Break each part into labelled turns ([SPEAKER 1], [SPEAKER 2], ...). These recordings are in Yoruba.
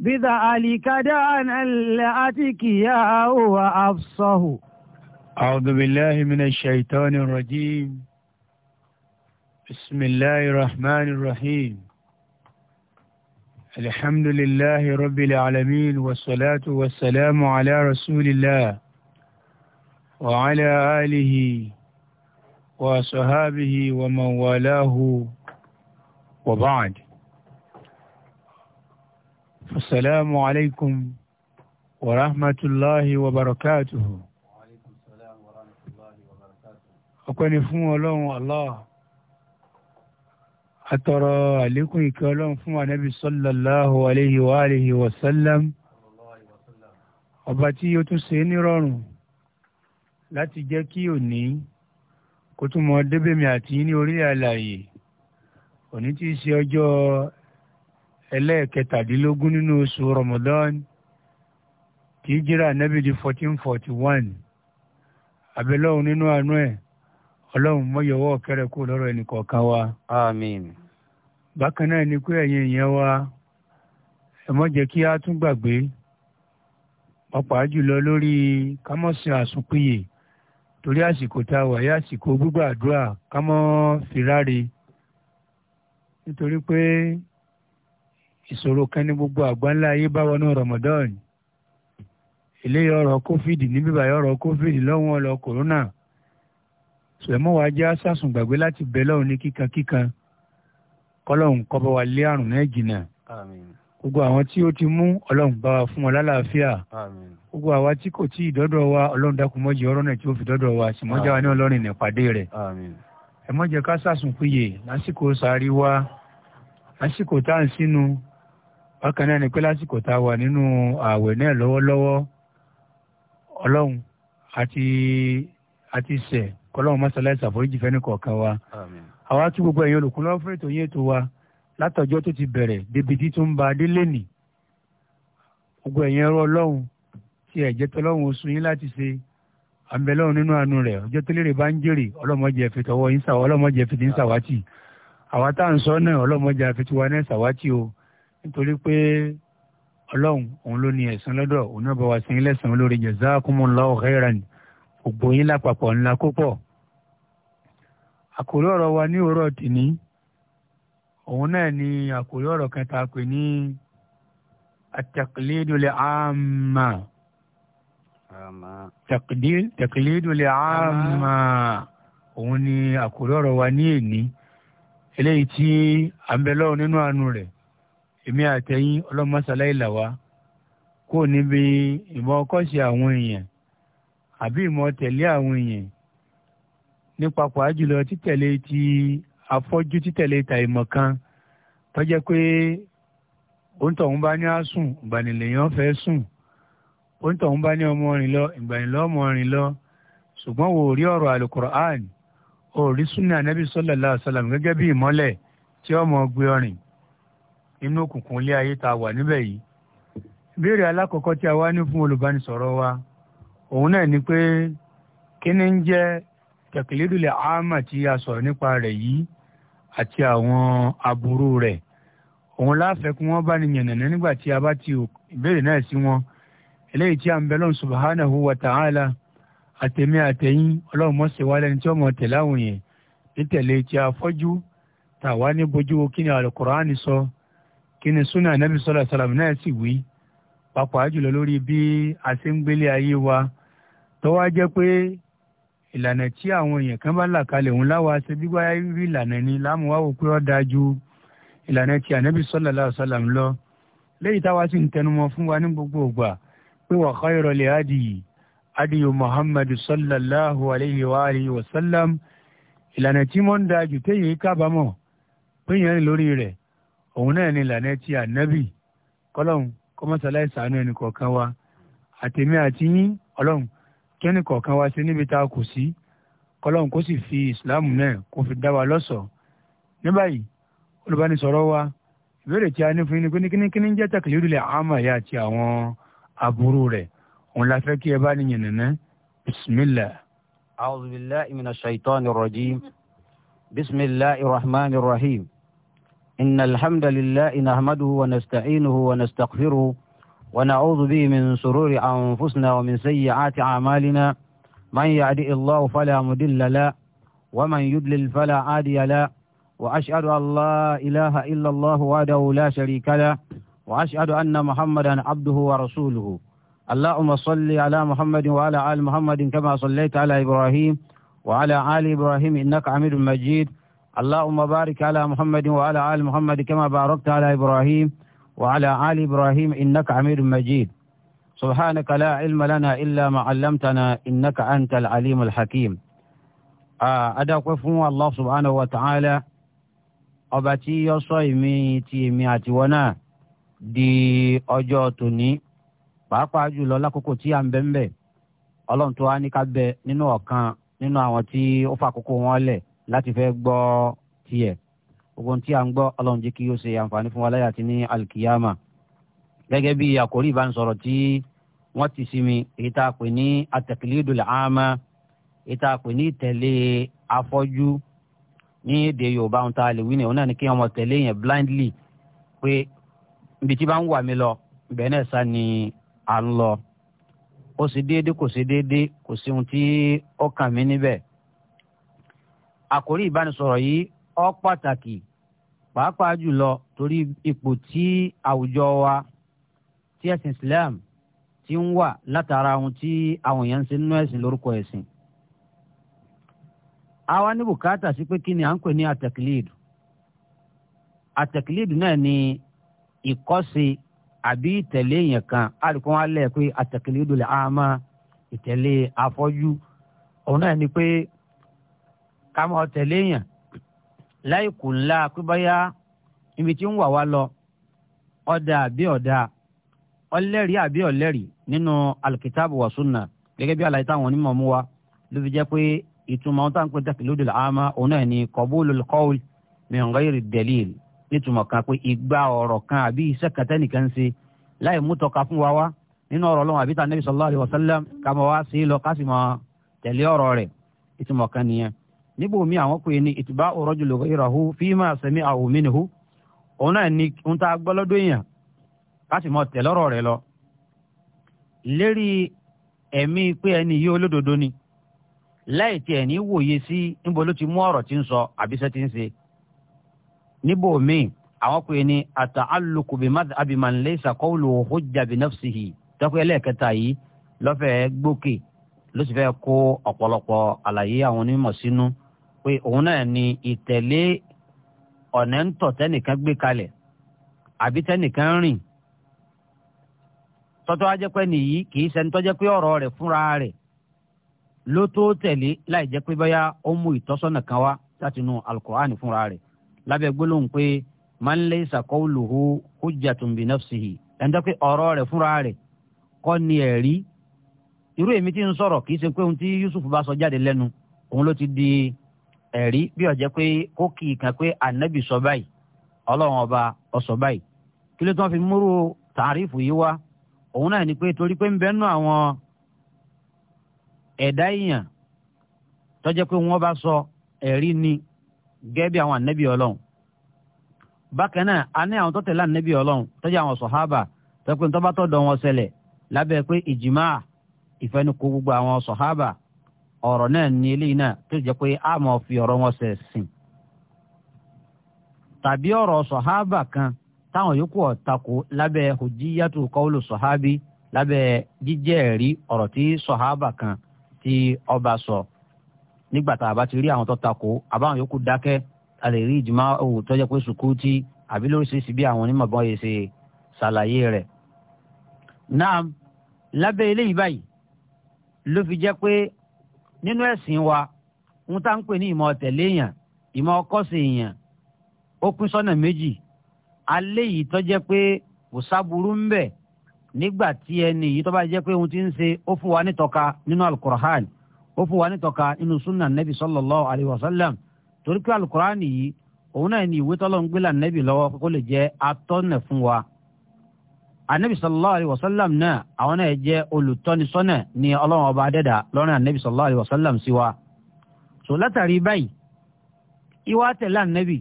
[SPEAKER 1] بذلك دان الاتك يا هو افصه
[SPEAKER 2] اعوذ بالله من الشيطان الرجيم بسم الله الرحمن الرحيم الحمد لله رب العالمين والصلاة والسلام على رسول الله وعلى آله وصحابه ومن والاه وبعد السلام عليكم ورحمة الله وبركاته ọpẹ́ ni fún ọlọ́run allah àtọ̀rọ̀ àlékún ìkẹ́ ọlọ́run fún ànábì sallallahu alayhi wa alihi wa sallam ọba tí ó tún ṣe nírọ̀rùn láti jẹ́ kí òní kó tún mọ débèmí àti ní orí àlàyé òní tí ṣe ọjọ́ ẹlẹ́ẹ̀kẹtàdínlógún nínú oṣù Ramadan tí jíra di fourteen forty one abẹ́lọ́hùn nínú àánú ẹ̀ ọlọ́run mọ́yọ̀wọ́ kẹrẹ kó lọ́rọ̀ ẹnìkọ̀ọ̀kan wa. àmín. bákan náà ni pé ẹ̀yin ìyẹn wa ẹ mọ́ jẹ́ kí a tún gbàgbé pàápàá jùlọ lórí kámọ́sìn àsùnpìyè torí àsìkò tá a wà yá àsìkò gbígbàdúrà kámọ́ fìràre nítorí pé ìṣòro kan ní gbogbo àgbáńlá ayé bá wọnú Ramadan eléyìí ọ̀rọ̀ covid níbí báyìí ọ̀rọ̀ covid lọ́wọ́n ọ̀rọ̀ corona sùlẹ̀mọ́ wa jẹ́ sàsùn gbàgbé láti bẹ̀ lọ́hùn ní kíkankíkan kọ́lọ́hùn kó bá wa lé àrùn náà jìnnà gbogbo àwọn tí ó ti mú ọlọ́run bá wa fún wọn lálàáfíà gbogbo àwa tí kò tí ì dọ́dọ̀ wa ọlọ́run dákúmọ́jì ọ̀rọ̀ náà tí ó fi dọ́dọ̀ wa sìmọ́jà wa ní ọlọ́run nípàdé rẹ̀ ẹ mọ́jẹ ká lásìkò sàárì wa lásìkò tá à ń sínú bákan náà ni pé lásìkò tá a wà nínú ààwẹ̀ náà lọ́wọ́lọ́wọ́ ọlọ́run àti àti sẹ̀ kọlọ́run mọ́sálásí àforíjì fẹ́ni kọ̀ọ̀kan wa àwa tún gbogbo ẹ̀yin olùkúnlọ́ fún ètò yín ètò wa látọjọ́ tó ti bẹ̀rẹ̀ débi tí tó ń ba dé lẹ́nì gbogbo ẹ̀yin ẹ̀rọ ọlọ́run tí ẹ̀jẹ̀ tọ́lọ́run oṣù yín láti ṣe àmbẹ̀lọ́run nínú àánú rẹ̀ ọjọ́ tó lérè bá ń jèrè ọlọ́mọdé ẹ̀fẹ̀ tọwọ́ yín sàwọ́ ọlọ́mọdé ẹ̀fẹ̀ tí ń sàwátì àwa nítorí pé ọlọ́run òun ló ní ẹ̀san lọ́dọ̀ òun náà bá wa sin lẹ́san olórí jazakumullahu khairan gbogbo yín lápapọ̀ ńlá púpọ̀. àkòrí ọ̀rọ̀ wa ní òwúrọ̀ tìní òun náà ni àkòrí ọ̀rọ̀ kẹta pè ní at-taqlidul amma taqlidul òun ni àkòrí ọ̀rọ̀ wa ní èní eléyìí tí àbẹ̀lọ́ nínú àánú rẹ̀ èmi àtẹ̀yìn ọlọ́mọṣálá ìlà wa kò níbi ìmọ̀ ọkọ́ṣe àwọn èèyàn àbí ìmọ̀ tẹ̀lé àwọn èèyàn nípa pàápàá jùlọ títẹ̀lé ti afọ́jú títẹ̀lé ta ìmọ̀ kan tó jẹ́ pé òǹtọ̀hún bá ní àsùn ìgbànilẹ̀yàn fẹ́ sùn òǹtọ̀hún bá ní ọmọ rìn lọ ìgbànilẹ̀ ọmọ rìn lọ ṣùgbọ́n wò rí ọ̀rọ̀ alukur'an ò rí sunna anabi sallallahu alaihi gẹ́gẹ́ bí ìmọ́lẹ̀ tí ọmọ gbé ọrìn inú òkùnkùn ilé ayé tá a wà níbẹ̀ yìí ìbéèrè alákọ̀ọ́kọ́ tí a wá ní fún olùbánisọ̀rọ̀ wa òun náà ni pé kí ni ń jẹ́ tẹ̀kìlédùlẹ̀ àmà tí a sọ̀rọ̀ nípa rẹ̀ yìí àti àwọn aburú rẹ̀ òun láfẹ́ kí wọ́n bá ní yànnàná nígbà tí a bá ti ìbéèrè náà sí wọn eléyìí tí a ń bẹ lọ́n subhanahu wa ta'ala àtẹ̀mí àtẹ̀yìn ọlọ́run mọ́sẹ̀ wálé ní tí wọ́n mọ̀ tẹ̀láwùn yẹn nítẹ̀lé tí a fọ́jú tàwa ní bojú kí ni alukur'ani sọ. So kí ni súnà anábì sọ́lá sàlámù náà sì wí pàápàá jùlọ lórí bí a ṣe ń gbélé ayé wa tó wá jẹ́ pé ìlànà tí àwọn èèyàn kan bá là kalẹ̀ òun láwa ṣe bí rí ìlànà ni láàmú pé ó dáa ju ìlànà tí anábì sọ́lá sàlámù lọ léyìí táwa sì ń tẹnumọ́ fún wa ní gbogbo ìgbà pé wà khayra li hadiyi hadiyi muhammadu sallallahu alayhi wa alihi wa sallam ìlànà tí mo ń da jù téyè kábàámọ̀ péyàn lórí rẹ̀ òun náà ni ìlànà ti ànábì kọ́lọ́hún kọ́mọ́sálá ìsàánú ẹnì kọ̀ọ̀kan wa àtẹ̀mí àti yín ọlọ́hún kí ẹnì kọ̀ọ̀kan wa ṣe níbi tá a kù sí kọ́lọ́hún kó sì fi islam náà kó fi dá wa lọ́ṣọ̀ọ́ ní báyìí olùbánisọ̀rọ̀ wa ìbéèrè tí a ní fún yín ni pé ní kíníkíní ń jẹ́ tàkìlérú lẹ̀ àmà yá àti àwọn aburú rẹ̀ òun la fẹ́ kí ẹ bá níyàn nínú bisimilah.
[SPEAKER 3] a'udhu billahi minash shaitani إن الحمد لله نحمده ونستعينه ونستغفره ونعوذ به من سرور أنفسنا ومن سيئات أعمالنا من يعدي الله فلا مدل له ومن يدلل فلا عادي له وأشهد أن لا إله إلا الله وحده لا شريك له وأشهد أن محمدا عبده ورسوله اللهم صل على محمد وعلى آل محمد كما صليت على إبراهيم وعلى آل إبراهيم إنك حميد مجيد اللهم بارك على محمد وعلى آل محمد كما باركت على إبراهيم وعلى آل إبراهيم إنك عمير مجيد سبحانك لا علم لنا إلا ما علمتنا إنك أنت العليم الحكيم أدقف الله سبحانه وتعالى أبتي يصيمي تيمي أتونا di ọjọ́ tòní pàápàá jùlọ lákòókò tí à ń bẹ́ńbẹ́ ọlọ́run tó wá ní ká bẹ nínú ọ̀kan nínú àwọn tí ó fàkókò wọn lẹ̀ láti fẹ́ gbọ́ tiẹ̀ gbogbo tí a ń gbọ́ ọlọ́run jẹ́ kí ó ṣe àǹfààní fún wa láyà àti ní alkiyama gẹ́gẹ́ bí àkórí ìbánisọ̀rọ̀ tí wọ́n ti sinmi èyí tá a pè ní atẹ̀kìlídùl àmà èyí tá a pè ní tẹ̀lé afọ́jú ní èdè yorùbá ohun tá a lè wí ni òun náà ni kí wọ́n tẹ̀lé yẹn blindly pé ibi tí bá ń wà mí lọ ibẹ̀ náà sá ni à ń lọ ó ṣe déédé kò ṣe déédé kò sí ohun tí ó kàn mí níbẹ̀ àkórí ìbánisọ̀rọ̀ yìí ó pàtàkì pàápàá jùlọ torí ipò tí àwùjọ wa tí ẹ̀sìn Islam ti ń wà látara ohun tí àwọn èèyàn ń ṣe nínú ẹ̀sìn lórúkọ ẹ̀sìn. àwa ní bùkátà sí pé kí ni à ń pè ní àtẹ̀kìlíìdù àtẹ̀kìlíìdù náà ni ìkọ́sí àbí ìtẹ̀lé èèyàn kan àdìpọ́n wa pé àtẹ̀kìlíìdù lè àmọ́ ìtẹ̀lé afọ́jú òun náà ni pé ká máa tẹ̀lé èèyàn láì kù ńlá pé báyà ibi tí ń wà wá lọ ọ̀dà àbí ọ̀dà ọlẹ́rìí àbí ọ̀lẹ́rìí nínú alikitaabu wa sunna gẹ́gẹ́ bí àlàyé táwọn onímọ̀ mú wa ló fi jẹ́ pé ìtumọ̀ táwọn pé tẹ̀kìlódì làámá òun náà ni qabulul qawl min ghayri dalil nítumọ̀ kan pé igba ọ̀rọ̀ kan àbí iṣẹ́ kẹtẹ́ nìkan ṣe láì mú tọ́ka fún wa wá nínú ọ̀rọ̀ ọlọ́run àbí tànàbí sallallahu alaihi wasallam ká máa wá sí lọ ká tẹ̀lé ọ̀rọ̀ rẹ̀ ìtumọ̀ kan nìyẹn. níbo mi àwọn ni ní ìtìbá rajuli ghayrahu fíìmà sami'ahu minhu òun náà ní ohun tá do gbọ́ mọ tẹ̀lọ́rọ̀ lọ. leri emi pé ẹni yìí olódodo ni láì tiẹ̀ ní si sí ti mu oro tí ń mi àwọn pè ni ata'alluqu bi madhhabi man laysa qawluhu hujja bi nafsihi tọ́pẹ́ pé òun náà ni ìtẹ̀lé ọ̀nà ń tọ̀ tẹ́nìkan gbé kalẹ̀ àbí tẹ́nìkan rìn tọ́tọ́ ajẹ́pẹ́ nìyí kì í ṣẹni tọ́jẹ́ pé ọ̀rọ̀ rẹ̀ fúnra rẹ̀ ló tó tẹ̀lé láì jẹ́ pé bóyá ó mú ìtọ́sọ́nà kan wá látinú alukur'ani fúnra rẹ̀ lábẹ́ gbólóhùn pé man laysa qawluhu hujjatun bi i ẹni tó pé ọ̀rọ̀ rẹ̀ fúnra rẹ̀ kọ́ ni ẹ̀rí irú èmi tí ń sọ̀rọ̀ kì í ṣe pé ohun tí Yusuf bá sọ jáde lẹ́nu òun ló ti di ẹ̀rí bí ó jẹ́ pé kó kì í kan pé ànábì sọ báyìí ọlọ́run ọba ó báyìí kí fi muru tàrífù yìí wá òun náà ni pé torí pé ń bẹ nú àwọn ẹ̀dá èèyàn tó pé wọ́n bá sọ ẹ̀rí ni gẹ́gẹ́ àwọn ànábì ọlọ́run bákan a ní àwọn tó ànábì ọlọ́run tó àwọn sọ̀hábà tó ń tọ́ bá dọ̀ wọn lábẹ́ pé ìjìmá ọ̀rọ̀ náà ní eléyìí náà tó jẹ́ pé a mọ̀ fi ọ̀rọ̀ wọn ṣe sìn tàbí ọ̀rọ̀ sọ̀hábà kan táwọn yòókù ọ̀tako lábẹ́ hujjiyatu kọ́wùlù sọ̀hábì lábẹ́ ọ̀rọ̀ tí sọ̀hábà kan tí ọba ti rí àwọn tó tako àbáwọn yòókù dákẹ́ a lè rí ìjùmọ̀ òwò tó jẹ́ pé àbí lóríṣiríṣi bí àwọn onímọ̀ bọ́n ṣe ṣàlàyé rẹ̀. náà lábẹ́ eléyìí nínú ẹ̀sìn wa ń tá ń pè ní ìmọ̀ tẹ̀lé èèyàn ìmọ̀ ọkọ́sẹ̀ èèyàn ó pín sọ́nà méjì alẹ́ yìí tó jẹ́ pé kò sábúrú ń bẹ̀ nígbà tí ẹni yìí tó bá jẹ́ pé ohun tí ń ṣe ó fún wa nítọ́ka nínú alukur'an ó fún wa nítọ́ka nínú sunna nabi sallallahu alayhi wa sallam torí pé alukur'an yìí òun náà ni ìwé tọ́lọ́ ń gbé là nẹ́bì lọ́wọ́ kó lè jẹ́ atọ́nà fún wa anabi sallallahu alayhi wa sallam náà àwọn náà jẹ́ olùtọ́nisọ́nà ní ọlọ́run ọba adẹ́dà lọ́rùn anabi sallallahu alayhi wa sallam sí wa. so látàrí báyìí ìwà tẹ̀lé anabi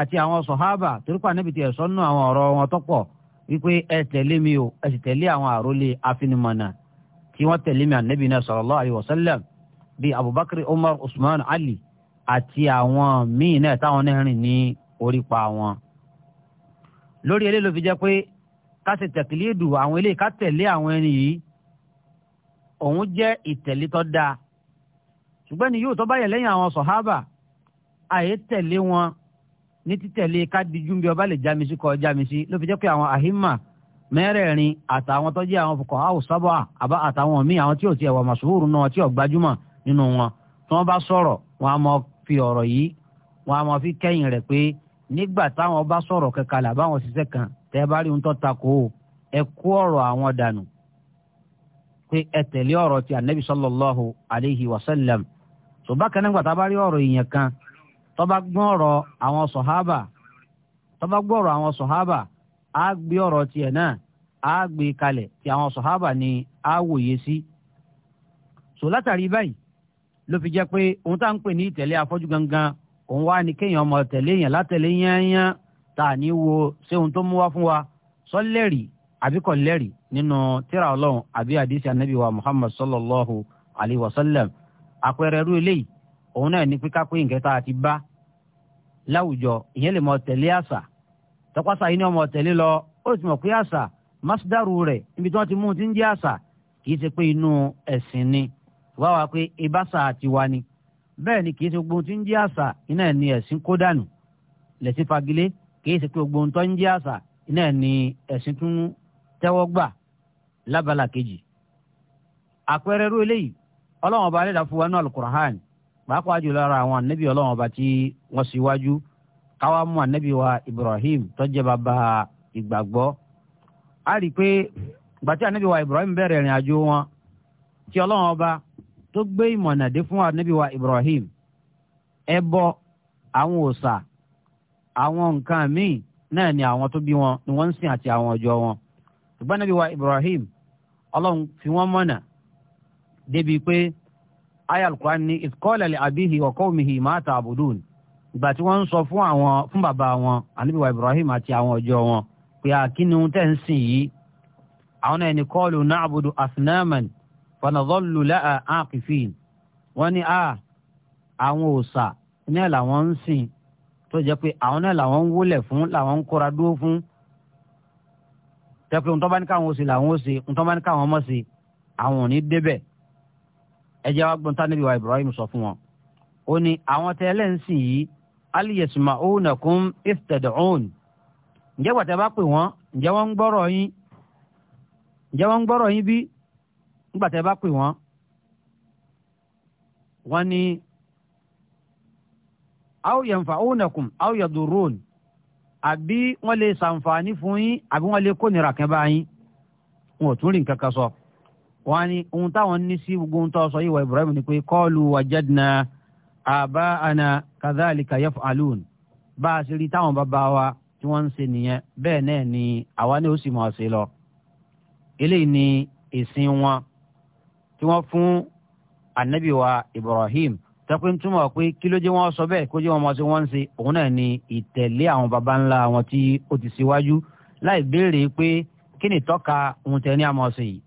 [SPEAKER 3] àti àwọn sọ̀hábà torípa anabi ti ẹ̀sọ́ nù àwọn ọ̀rọ̀ wọn tọ́pọ̀ wípé ẹ tẹ̀lé mi o ẹ sì tẹ̀lé àwọn àrólé afinimọ̀nà tí wọ́n tẹ̀lé mi anabi náà sallallahu alayhi wa sallam bíi abubakar umar usman ali àti àwọn míì náà táwọn náà rìn ní orípa wọn. lórí eléyìí ló fi jẹ́ pé ká ṣe tẹ̀kílídù àwọn eléyìí ká tẹ̀lé àwọn ẹni yìí òun jẹ́ ìtẹ̀lé tó dáa ṣùgbọ́n ni yóò tó bá yẹ lẹ́yìn àwọn sọ̀hábà àyè tẹ̀lé wọn ní títẹ̀lé ká dijú bí ọba lè jámi sí kọ jámi sí ló fi jẹ́ pé àwọn àhímà mẹ́rẹ̀ẹ̀rin àtàwọn tó jẹ́ àwọn fọkọ̀ áwọ̀ sábà àbá àtàwọn míì àwọn tí ò tiẹ̀ wà màṣúwòrán náà tí ò gbajúmọ̀ nínú wọn tí wọ́n bá sọ̀rọ̀ wọn a máa fi ọ̀rọ̀ yìí wọn a máa fi kẹ́yìn rẹ̀ pé nígbà táwọn bá sọ̀rọ̀ kẹkàlà báwọn ṣiṣẹ́ kan tẹ́ bá rí ohun tó takò ó ẹ kó ọ̀rọ̀ àwọn dànù pé ẹ tẹ̀lé ọ̀rọ̀ ti anabi sallallahu alayhi wa tó bá kẹ́ni gbàtà bá rí ọrọ èèyàn kan tó bá gbọ́n ọ̀rọ̀ àwọn sọ̀hábà tó bá gbọ́n ọ̀rọ̀ àwọn á gbé tiẹ̀ ni á wòye sí. látàrí fi jẹ́ pé ohun tá à ń pè ní ìtẹ̀lé afọ́jú gangan òun wá ní kéèyàn ọmọ tẹ̀lé tá a ní wo ṣé ohun tó mú wá fún wa sọ lẹ́rìí àbí kò lẹ́rìí nínú tírà ọlọ́run àbí àdìsí anábì wa muhammad sallallahu alayhi wa sallam àpẹẹrẹ irú eléyìí òun náà ní píká pé nǹkan tá a ti bá láwùjọ ìyẹn lè mọ tẹ̀lé àṣà tọpasà yìí ni ọmọ tẹ̀lé lọ ó sì mọ̀ pé àṣà masdaru rẹ̀ níbi tí wọ́n ti mú un ti ń jẹ́ àṣà kì í ṣe pé inú ẹ̀sìn ni wá wá pé ibàṣà tiwa ni bẹ́ẹ̀ ni kì ṣe gbogbo tí ń jẹ́ àṣà iná ẹ̀ ní ẹ̀sìn kó dànù fagilé kìí ṣe pé gbogbo ohun tó ń jẹ́ àṣà náà ni ẹ̀sìn tún tẹ́wọ́ gbà lábala kejì. àpẹẹrẹ irú eléyìí ọba wa pàápàá jùlọ ara àwọn ànábì ọlọ́wọ́n ọba tí wọ́n síwájú káwá mú wa Ibrahim tó a rí Ibrahim bẹ̀rẹ̀ ìrìn àjò wọn tí ọba tó gbé ìmọ̀nàdé fún Ibrahim àwọn àwọn nǹkan míì náà ni àwọn tó bí wọn ni wọ́n ń sìn àti àwọn ọjọ́ wọn ṣùgbọ́n nàbí wa Ibrahim ọlọ́run fi wọ́n mọ̀nà débi pé aya alukura ni ìkọ́lẹ̀ lè abihi wa qawmihi ma ta'budun ìgbà tí wọ́n ń sọ fún àwọn fún bàbá wọn ànábì wa Ibrahim àti àwọn ọjọ́ wọn pé àkínní tẹ̀ ń sìn yìí àwọn náà ni kọ́ọ̀lù na'budu asnaman fanadhallu laha aqifin wọ́n ní a àwọn òòṣà náà làwọn ń sìn tó jẹ́ pé àwọn náà làwọn ń wólẹ̀ fún làwọn ń kóra dúró fún tẹ́pẹ́ ntọ́ bá ní káwọn ó ṣe làwọn ó ṣe ntọ́ ní káwọn mọ̀ ṣe àwọn ò ní débẹ̀ ẹ jẹ́ gbọ́n tánibí wa Ibrahim sọ fún wọn. ó ní àwọn tẹ́ ẹlẹ́nsìn yìí aliyesuma ounakum iftad'un ǹjẹ́ gbàtẹ́ bá pè wọ́n ǹjẹ́ wọ́n ń gbọ́rọ̀ yín ǹjẹ́ wọ́n ń gbọ́rọ̀ yín bí gbàtẹ́ bá pè wọ́n wọ́n ní aw yanfa'unakum aw yadurun àbí wọ́n lè ṣàǹfààní fún yín àbí wọ́n lè kó nira kan bá yín wọn ò tún rí nǹkan sọ wọn ni ohun táwọn ní sí gbogbo ohun tó sọ yìí wọ Ibrahim ni pé qalu wajadna aba'ana kadhalika yaf'alun bá a ṣe rí táwọn bàbá wa tí wọ́n ń ṣe nìyẹn bẹ́ẹ̀ náà ni àwa ni ó sì mọ̀ ọ́ lọ eléyìí ni ìsìn wọn tí wọ́n fún anabi wa Ibrahim tẹ́pẹ́ ń túmọ̀ pé kí ló jẹ́ wọ́n sọ bẹ́ẹ̀ kó jẹ́ wọn mọ̀ sí wọ́n ń ṣe òun náà ni ìtẹ̀lé àwọn baba ńlá wọn tí ó ti ṣíwájú láì béèrè pé kí ni tọ́ka ohun tẹ̀ ní àmọ́ sí yìí.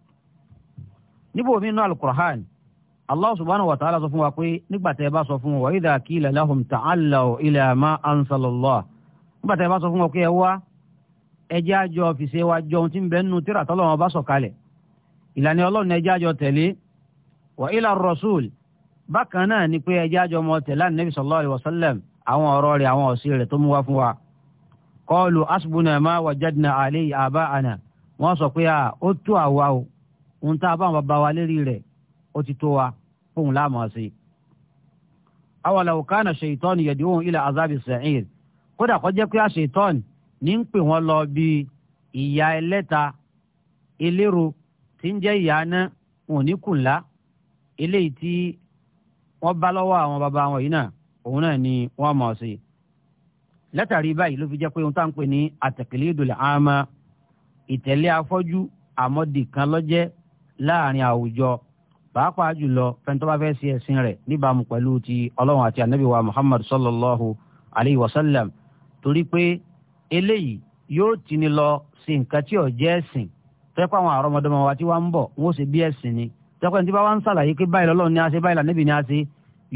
[SPEAKER 3] níbo mi nú alukur'an allah subhanahu wa ta'ala sọ fún wa pé nígbà tẹ́ ẹ bá sọ fún wa idha qila lahum ta'allaw ila ma anzalallah nígbà tẹ́ bá sọ fún wa pé ẹ wá ẹ àjọ ọ̀fìsẹ́ wa jọ ohun tí ń bẹ nínú tíra tọ́lọ́run bá sọ kalẹ̀ ìlànà ọlọ́run ẹ àjọ tẹ̀lé wa ila bákan náà ni pé ẹjẹ́ àjọ ọmọ tẹ̀lá nàbí sallallahu alaihi wasallam àwọn ọ̀rọ̀ rẹ̀ àwọn ọ̀sìn rẹ̀ tó mú wá fún wa. qalu asbuna ma wajadna alayhi aba'ana wọ́n sọ pé ó tó àwa o ohun tá a bá wọn bá wa lérí rẹ̀ ó ti tó wa fóun láàmú ọ̀sìn. awalaw kana shaytanu yad'uhum ila azabi sa'ir kódà kó jẹ́ pé àṣetọ́ọ̀nì ní ń pè wọ́n lọ bí ìyá ẹlẹ́ta eléro tí ń jẹ́ ìyá náà wọn kùnlá eléyìí tí wọ́n bá lọ́wọ́ àwọn bàbá wọn yìí náà òun náà ni wọ́n mọ̀ sí. látàrí báyìí ló fi jẹ́ pé ohun tá à ń pè ní at-taqlidul aama ìtẹ̀lé afọ́jú àmọ́dì kan lọ́jẹ́ láàrin àwùjọ pàápàá jùlọ fẹ́ntọ́ bá sí ẹ̀sìn rẹ̀ níbàámu pẹ̀lú ti ọlọ́run àti ànábì wa muhammad sallallahu alayhi wa sallam torí pé eléyìí yóò tini lọ sí nǹkan tí ò jẹ́ ẹ̀sìn tẹ́pẹ́ àwọn àrọ́mọdọ́mọ wa tí wọ́n ń bọ̀ wọ́n ó sì bí ẹ̀sìn ni tẹ́pẹ́ ní tí bá wá ń sàlàyé pé báyìí lọ́lọ́run ni a ṣe báyìí lànàbì ni a ṣe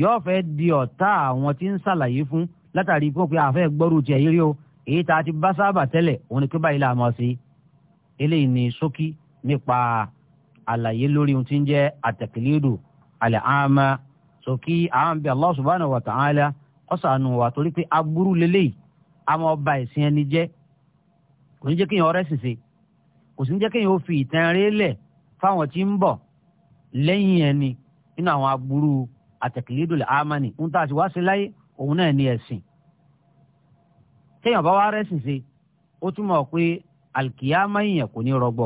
[SPEAKER 3] yóò fẹ́ di ọ̀tá àwọn tí ń ṣàlàyé fún látàrí pé àfẹ́ gbọ́rù èyí tá ti bá sábà tẹ́lẹ̀ òun ni kí báyìí làá mọ̀ sí eléyìí ni nípa àlàyé lórí ohun tí ń jẹ́ àtẹ̀kìlídù alẹ́ àmà àwọn Allah subhanahu wa ta'ala ọ̀sánù wa torí pé lélẹ́yìí àmọ́ ọba ìsìn ẹni jẹ́ kò ní jẹ́ ọrẹ́ ṣìṣe kò sí ní jẹ́ fi fáwọn tí àtẹ̀kìlídò lè ámánì ń tà sí wá sí láyé òun náà ní ẹ̀sìn téèyàn bá wá rẹ́sìn ṣe ó túmọ̀ pé àlìkìyámà yìnyẹn kò ní rọgbọ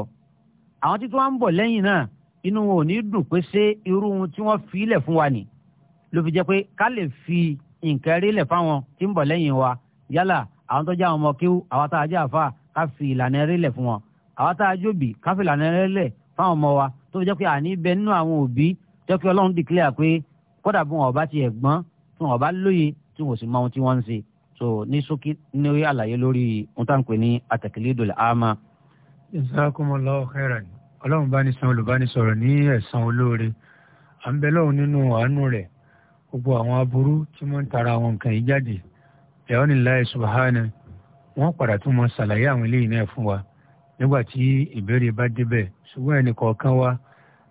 [SPEAKER 3] àwọn títí wọn ń bọ̀ lẹ́yìn náà inú wọn ò ní dùn pé ṣé irú ohun tí wọ́n fi ilẹ̀ fún wa nì ló fi jẹ́ pé ká lè fi nǹkan rí ilẹ̀ fáwọn tí ń bọ̀ lẹ́yìn wa yálà àwọn tó jẹ́ àwọn ọmọ kíw àwọn tá a jẹ́ àfa ká fi ìlànà rí ilẹ̀ fún wọn àwọn tá a jóbi ká fi ìlànà rí ilẹ̀ fáwọn ọmọ wa tó fi jẹ́ pé àní bẹ nínú àwọn òbí jẹ́ pé ọlọ́run dìklẹ́ pé kódà bí wọn ọba tiẹ̀ gbọ́n tí wọn ọba lóye tí wọn sì mọ ohun tí wọ́n ń ṣe so ní ṣókí ní orí àlàyé lórí ohun tá à ń pè ní àtẹ̀kẹ́lẹ́dọ̀ àmà.
[SPEAKER 2] jazakumullahu khairan ọlọ́run bá ní san olùbánisọ̀rọ̀ ní ẹ̀san olóore à ń bẹ lọ́hùn nínú àánú rẹ̀ gbogbo àwọn aburú tí wọ́n ń tara àwọn nǹkan yìí jáde ẹ̀họ́ ní láì subahana wọ́n padà tún mọ ṣàlàyé àwọn eléyìí náà fún wa nígbà tí ìbéèrè bá débẹ̀ ṣùgbọ́n ẹnì kọ̀ọ̀kan wa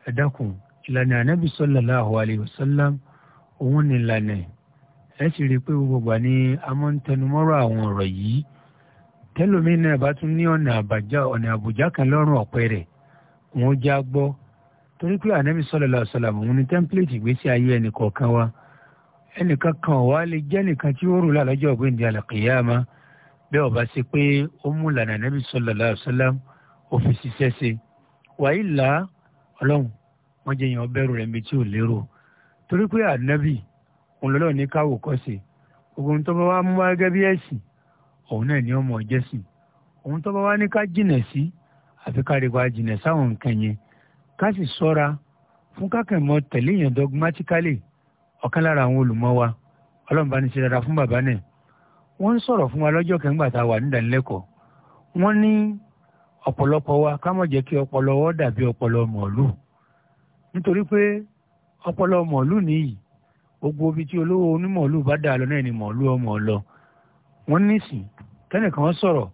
[SPEAKER 2] ẹ dákun ìlànà ànábì sallallahu alayhi wa sallam òun ni ìlànà ẹ sì rí i pé gbogbo àgbà ni a máa ń tẹnumọ́rọ̀ àwọn ọ̀rọ̀ yìí tẹlomi náà bá tún ní ọ̀nà àbàjá ọ̀nà àbùjá kan lọ́rùn ọ̀pẹ rẹ̀ wọ́n já gbọ́ torí pé ànábì sallallahu alayhi wa sallam òun ni tẹ́ḿpìlẹ̀tì ìgbésí ayé ẹnìkọ̀ọ̀kan wa ẹnìkan kan wà lè jẹ́ nìkan tí ó rò lálọ́jọ́ ògbéǹde àlàkìyàmá wọ́n jẹ́ èèyàn bẹ̀rù rẹ̀ mi tí ò lérò torí pé ànábì òun lọ́lọ́ ní káwò kọ́sẹ̀ ogun tó bá wá mú wá gẹ́gẹ́ bí ẹ̀sìn òun náà ni ó mọ̀ jẹ́sìn òun tó bá wá ní ká jìnà sí àfi ká rí wa jìnà sáwọn nǹkan yẹn ká sì sọ́ra fún kákẹ́mọ tẹ̀lé yẹn dogmatically ọ̀kan lára àwọn olùmọ̀ wa ọlọ́run bá ní ṣe dára fún bàbá náà wọ́n ń sọ̀rọ̀ fún wa lọ́jọ́ kẹ́ńgbà tá a wà nídàálẹ́kọ̀ọ́ wọ́n ní ọ̀pọ̀lọpọ̀ wa ká mọ̀ jẹ́ kí ọpọlọ wọ́n dàbí ọpọlọ mọ̀ọ́lù nítorí pé ọpọlọ mọ̀ọ́lù nìyí gbogbo ibi tí olówó onímọ̀ọ́lù bá dà lọ náà ni mọ̀ọ́lù ọmọ lọ wọ́n nísìn kẹ́nìkan sọ̀rọ̀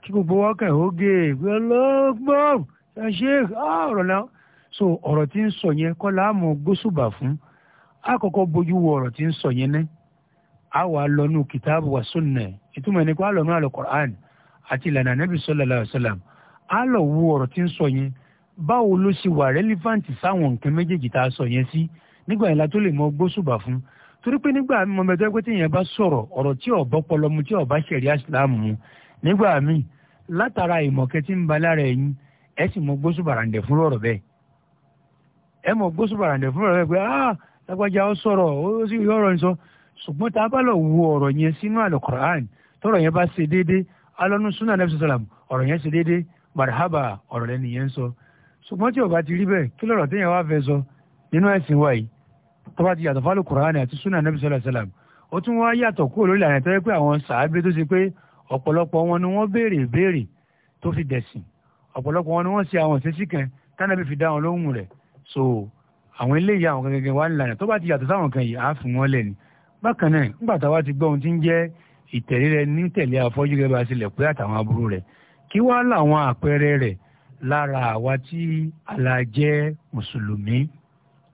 [SPEAKER 2] kí gbogbo wa kàn ó gé e, ọ̀rọ̀ náà so ọ̀rọ̀ tí ń sọ yẹn kọ́ láàmú gbósùbà fún àkọ́kọ́ bójú wo ọ̀rọ̀ tí ń sọ yẹn náà a wà lọ́nu kìtàbù wa sunna ìtumọ̀ ẹni pé a lọ́nu àlọ́ Qur'an àti ìlànà Nabi sallallahu alaihi wasallam a lọ báwo ló ṣe wà relevant sáwọn nǹkan méjèèjì tá a sọ yẹn sí nígbà yẹn la tó lè mọ gbósùbà fún torí pé nígbà mi mo mẹtọ pé téèyàn bá tí ọbọ tí ọba ṣẹlẹ asilamu mu nígbà latara látara ìmọ̀kẹ́ tí ń ba lára ẹ sì mọ gbósùbà ràǹdẹ̀ fún ọ̀rọ̀ ẹ mọ gbósùbà ràǹdẹ̀ fún ah, a bá lọ wo yẹn sínú yẹn bá ṣe déédéé sunan yẹn ṣe déédéé yẹn ṣùgbọ́n tí ó bá ti rí bẹ́ẹ̀ kí lọ́rọ̀ téèyàn wá fẹ́ sọ nínú ẹ̀sìn wa yìí tó bá ti yàtọ̀ fálù kùránì àti súnà nàbì sọlá sàlám ó tún wá yàtọ̀ kúrò lórí àyàn tó yẹ pé àwọn sàábé tó ṣe pé ọ̀pọ̀lọpọ̀ wọn ni wọ́n béèrè béèrè tó fi dẹ̀sìn ọ̀pọ̀lọpọ̀ wọn ni wọ́n ṣe àwọn ìṣesí kan tánàbí fi dá wọn lóhùn rẹ̀ so àwọn eléyìí àwọn gẹ́gẹ́ wá nílànà tó bá ti yàtọ̀ sáwọn kan yìí á ń jẹ́ lára àwa tí ala jẹ́ mùsùlùmí.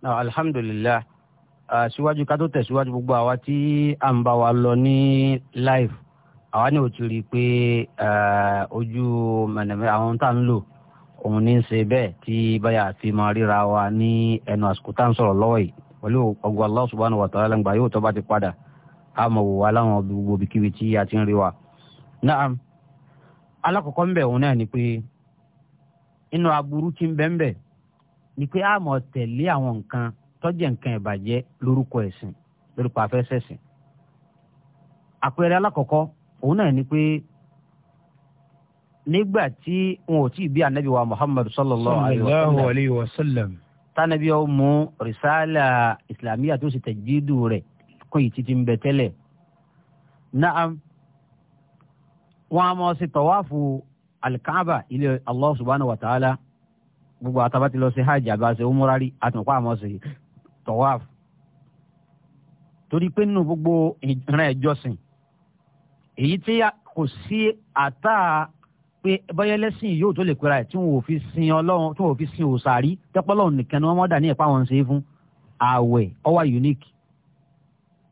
[SPEAKER 3] alhamdulilayi uh, síwájú ká tó tẹ̀síwájú gbogbo àwa tí à ń bá wa lọ ní live àwa ni ò ti rí i pé uh, ojú mẹ̀nẹ̀mẹ́ àwọn tá à ń lò òun ní í ṣe bẹ́ẹ̀ tí báyà fi máa ríra wa ní ẹnu àsìkò tá ń sọ̀rọ̀ lọ́wọ́ yìí pẹ̀lú ọgbọ́n Allah subhanahu wa ta'ala lẹ́ngbà yóò tọ́ bá ti padà á mọ̀ wò wá láwọn gbogbo ibikíbi tí a ti ń rí wa. naam alákọ̀ọ́kọ́ ń bẹ̀ òun náà ni pé. inú aburú tí ń bẹ́ẹ̀ bẹ́ẹ̀ ni pé a mọ̀ tẹ̀lé àwọn nǹkan tọ́jẹ̀ nǹkan ìbàjẹ́ lórúkọ ẹ̀sìn lórúkọ afẹ́sẹ̀sìn. àpẹẹrẹ alákọ̀ọ́kọ́ òun náà ni pé nígbà tí wọn ò tí wa muhammadu sallallahu alayhi wa sallam tánàbí ọ mú rìsáàlà ìsìlámíyà tó sì tẹ̀jídù rẹ̀ kún yìí títí ń bẹ tẹ́lẹ̀. naam wọn a alikaaba ilé allah subhanahu wa ta'ala gbogbo atabati lọ sí hajj abase umurari atunpa àmọ sí tọwaf torí pé nínú gbogbo ìran ìjọsìn èyí tí kò sí àtà pé bọ́yẹ́lẹ́sìn yóò tó lè pera ẹ̀ tí wọn ò fi sin ọlọ́run tí wọn ò fi sin òsàrí tẹ́pọ́lọ́run nìkan ni wọ́n mọ́dà ní ẹ̀pá wọn ṣe fún ààwẹ̀ ọwà unique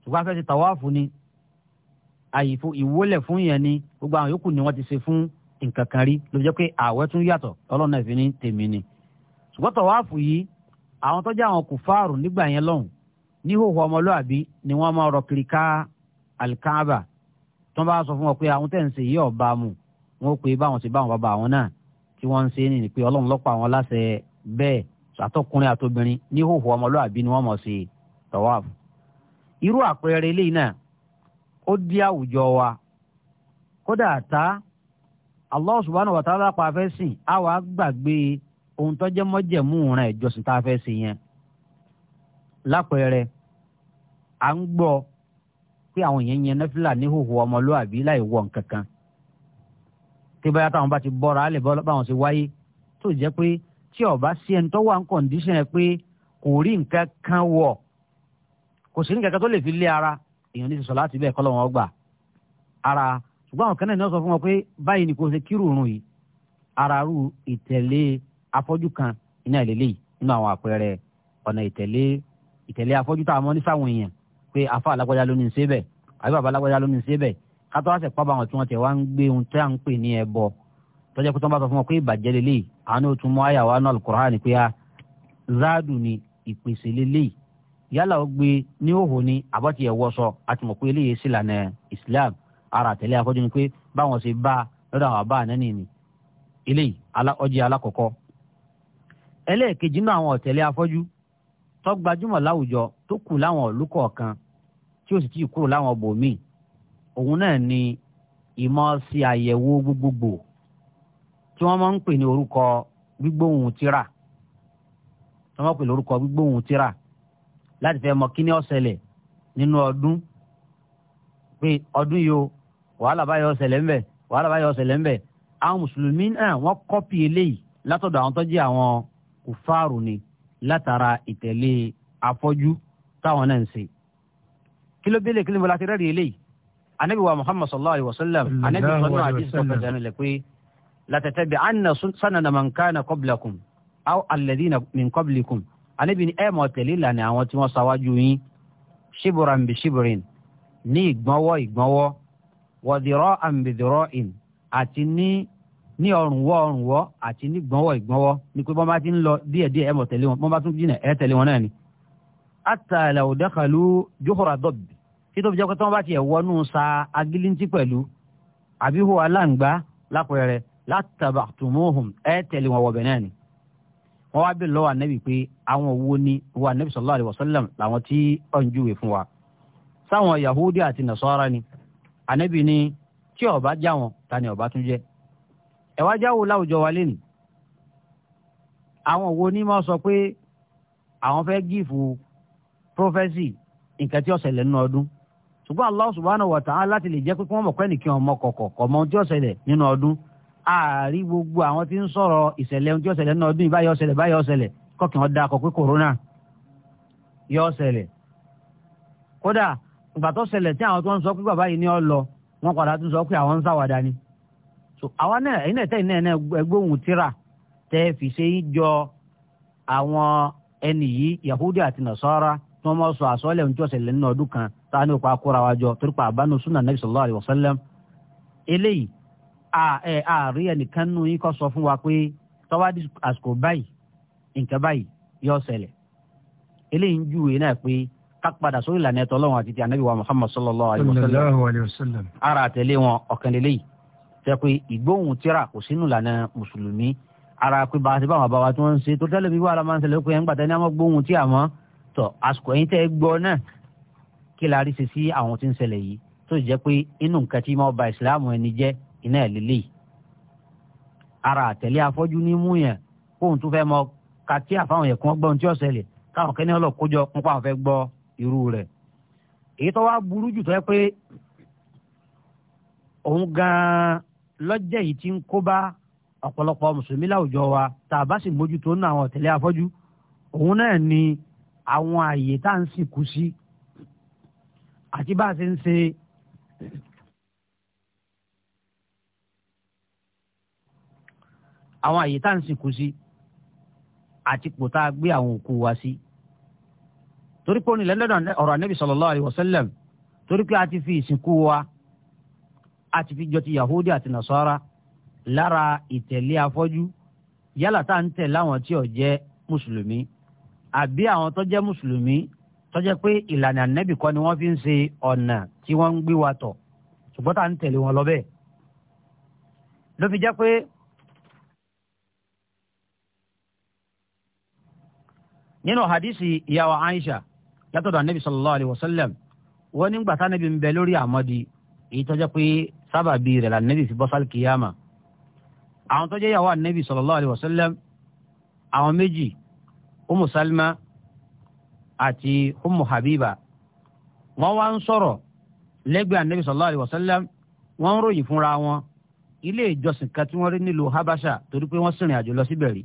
[SPEAKER 3] ṣùgbọ́n afẹ́ ti ni àyè ìwólẹ̀ fún yẹn ni gbogbo àwọn yòókù ni wọ́n ti ṣe fún nǹkan kan rí ló fi jẹ́ pé ààwẹ̀ tún yàtọ̀ ọlọ́run náà fi ní tèmi ni ṣùgbọ́n tọ̀wáàfù yìí àwọn tó jẹ́ àwọn kùfáàrù nígbà yẹn lọ́hùn ní hòhò ọmọlúàbí ni wọ́n máa rọ kiri ká alikaaba tó bá sọ fún wọn pé àwọn tẹ̀ yìí ọ̀bá mu wọn ó pè é báwọn ṣe báwọn bàbá àwọn náà tí wọ́n ń ṣe é nìyí pé ọlọ́run ló pa àwọn láṣẹ bẹ́ẹ̀ àtọkùnrin àtobìnrin ní hòhò ọmọlúàbí ni wọ́n mọ̀ sí tọ̀wáàfù irú àpẹẹrẹ eléyìí náà ó dí àwùjọ wa kódà tá allah subhanahu wa ta'ala pa afẹ́ sìn á wà á gbàgbé ohun tó jẹ́ mọ́jẹ̀mú rẹ̀ ìjọsìn tá a fẹ́ sìn yẹn lápẹẹrẹ à ń gbọ́ pé àwọn èèyàn yẹn nẹ́fìlà ní hòhò ọmọlúwàbí láì wọ̀ nkankan tí báyà táwọn bá ti bọ́ra á lè bọ́ báwọn ṣe wáyé tó jẹ́ pé tí ọba sí ẹni tó wà ń kọ̀ǹdíṣàn ẹ pé kò rí nǹkan kan wọ̀ kò sí nǹkan kan tó lè fi lé ara èèyàn ní sísọ láti bẹ́ẹ̀ kọ́ lọ́wọ́ gbà ara ṣùgbọ́n àwọn kan náà ní wọ́n sọ fún wọn pé báyìí ni kò ṣe kírun òrùn yìí araru ìtẹ̀lé afọ́jú kan iná ìlélẹ́ yìí nínú àwọn àpẹẹrẹ ọ̀nà ìtẹ̀lé ìtẹ̀lé afọ́jú tá a mọ̀ ní sáwọn èèyàn pé afọ́ alágbájá ló ní í ṣe bẹ̀ àbí bàbá alágbájá ló ní í ṣe bẹ̀ kátó wá sẹ̀pá báwọn tí wọ́n tẹ̀ wá ń gbé ohun tí à ń pè ní ẹbọ tọ́jà pé tó ń bá sọ fún wọn pé ìbàjẹ́ lélẹ̀ àánú ni pé a záàdù ni ó gbé ní ni àbọ̀tì ẹ̀wọ́ sọ àtìmọ̀ pé Islam ara àtẹ̀lé akọ́jú ni pé báwọn ṣe bá lọ́dọ̀ àwọn àbá ànẹ́nì ni eléyìí ọjẹ́ alákọ̀ọ́kọ́ ẹlẹ́ẹ̀kejì náà àwọn ọ̀tẹ̀lé afọ́jú tó gbajúmọ̀ láwùjọ tó kù láwọn ìlú kọ̀ọ̀kan tí ó sì ti kúrò láwọn bòmíì òun náà ni ìmọ̀ sí àyẹ̀wò gbogbogbò tí wọ́n máa ń pè ní orúkọ gbígbóhùn tíra tí wọ́n máa ń pè ní orúkọ wàhálà báyọ̀ ọ̀sẹ̀lẹ̀ ńbẹ̀ wàhálà báyọ̀ ọ̀sẹ̀lẹ̀ ńbẹ̀ àwọn mùsùlùmí náà wọ́n kọ́pì eléyìí látọ̀dọ̀ àwọn tó jẹ́ àwọn kùfáàrù ni látara ìtẹ̀lé afọ́jú táwọn náà ń ṣe. kí ló délé kí ló ń bọ̀ láti rẹ́rìí eléyìí anabi wa muhammad sallallahu alayhi wa sallam anabi sọ́nà àdìs tó fẹ̀sẹ̀ nílẹ̀ pé látẹ̀tẹ̀bẹ̀ anna sanana man kana qablakum aw alladhina min qablikum anabi ni ẹ̀ mọ̀ tẹ̀lé ìlànà àwọn tí wọ́n ṣáwájú yín ṣíbùrán bí ṣíbùrín ní ìgbọ́nwọ́ ìgbọ́nwọ́ wọ̀dìrọ̀ àmìbìdìrọ̀ ìn àti ní ní ọrùn wọ ọrùn wọ àti ní gbọ̀nwọ́ ìgbọ̀nwọ́ ni pé bọ́n bá ti ń lọ díẹ̀ díẹ̀ ẹ mọ̀ tẹ̀lé wọn bọ́n bá tún jìnà ẹ tẹ̀lé wọn náà ni. àtàlà òdàkàlù jókòrò àdọ́bì kí tó fi jẹ́ pé tí wọ́n bá tiẹ̀ wọnú sa agilintí pẹ̀lú àbíhó aláǹgbá lápẹ̀rẹ̀ látàbàtùmóhùn ẹ tẹ̀lé wọn wọbẹ̀ ànábì ni tí ọba já wọn ta ni ọba tún jẹ ẹ wá jáwó láwùjọ wa lẹ́nu àwọn wo ni máa sọ pé àwọn fẹ́ gífù prọfẹ́sì nǹkan tí ó nínú ọdún ṣùgbọ́n Allah subhanahu wa ta'ala láti lè jẹ́ pé kí wọ́n mọ̀ pé nìkan ọmọ kọ̀kọ̀ ọmọ tí ó ṣẹlẹ̀ nínú ọdún ààrí gbogbo àwọn tí ń sọ̀rọ̀ ìṣẹ̀lẹ̀ tí ó nínú ọdún ìbáyọ̀ ṣẹlẹ̀ báyọ̀ ṣẹlẹ̀ kọ́kì wọn kọ pé kòrónà yọ̀ ṣẹlẹ̀ kódà ìgbà tó ṣẹlẹ̀ àwọn tó ń sọ pé bàbá yìí ni ọ lọ wọn padà tún sọ pé àwọn ń ni so àwa náà ẹ̀yin náà tẹ̀yìn náà ẹgbóhùn tíra tẹ́ fi ṣe é jọ àwọn ẹni yìí Yahudi àti Nasara tí wọ́n mọ̀ sọ àsọ́lẹ̀ kan tá a ní wa jọ torípa àbánu sunna nabi ẹnìkan sọ fún wa pé tọ́wádìí àsìkò báyìí nǹkan báyìí ṣẹlẹ̀ eléyìí ká padà sórí ìlànà ẹ̀tọ́ Ọlọ́run àti ti anabi wa muhammad sallallahu alayhi wa sallam ara àtẹ̀lé wọn ọ̀kan lélẹ́yìí tẹ́ pé ìgbóhùn tíra kò sínú ìlànà mùsùlùmí ara pé bá a ti bá àwọn àbáwá tí wọ́n ń ṣe tó tẹ́lẹ̀ bí wàhálà máa ń ṣẹlẹ̀ pé ẹ̀ ń gbàtẹ́ ní àwọn gbóhùn tí a mọ̀ tọ̀ àsìkò ẹ̀yìn tẹ́ gbọ́ náà kí la rí ṣe sí àwọn tí ń ṣẹlẹ̀ yìí tó jẹ́ pé inú nǹkan tí máa ba ìsìláàmù ẹni jẹ́ iná ẹ̀ lélẹ̀ ara àtẹ̀lé afọ́jú ní mú yẹn kóhun tó fẹ́ mọ ka tí àfáwọn yẹn kún ọgbọ́n tí ó ṣẹlẹ̀ káwọn kẹ́ni ọlọ́kójọ nípa àwọn fẹ́ gbọ́ irú rẹ̀ èyí tó wá burú jù tó yẹ pé òun gan-an lọ́jẹ́ yìí ti ń kóbá ọ̀pọ̀lọpọ̀ mùsùlùmí láwùjọ wa tá a bá sì mójútó ní àwọn ọ̀tẹ̀lẹ̀ afọ́jú òun náà ni àwọn ààyè tá à ń sìnkú sí àti bá a ṣe ń ṣe àwọn àyè tá à ń sìnkú sí àti pò tá a gbé àwọn òkú wa sí. Si torí pé onílẹ̀ ńlọ́dọ̀ ọ̀rọ̀ anábì sallallahu alaihi wasallam torí pé a ti fi ìsìnkú wa a ti fi jọ ti yahudi àti nasara lára ìtẹ̀lé afọ́jú yálà tá à ń tẹ̀ láwọn tí ò jẹ́ mùsùlùmí àbí àwọn tó jẹ́ mùsùlùmí tó jẹ́ pé ìlànà anábì kọ́ ni wọ́n fi ń ṣe ọ̀nà tí wọ́n ń gbé wa tọ̀ ṣùgbọ́n tá à ń tẹ̀lé wọn lọ bẹ́ẹ̀ ló fi jẹ́ pé nínú hadisi ìyàwó Aisha látọ̀dọ̀ anabi sallallahu alayhi wa sallam wọ́n nígbà tá anabi ń bẹ lórí àmọ́di èyí tó jẹ́ pé sábàbí rẹ̀ la anabi fi bọ́ sálì kìyàmà àwọn tó jẹ́ ìyàwó anabi sallallahu alayhi wa sallam àwọn méjì umu salma àti umu habiba wọ́n wá ń sọ̀rọ̀ lẹ́gbẹ̀ẹ́ anabi sallallahu alayhi wa sallam wọ́n ń ròyìn fúnra wọn ilé ìjọsìn kan tí wọ́n rí nílùú habasha torí pé wọ́n sìnrìn àjò lọ síbẹ̀ rí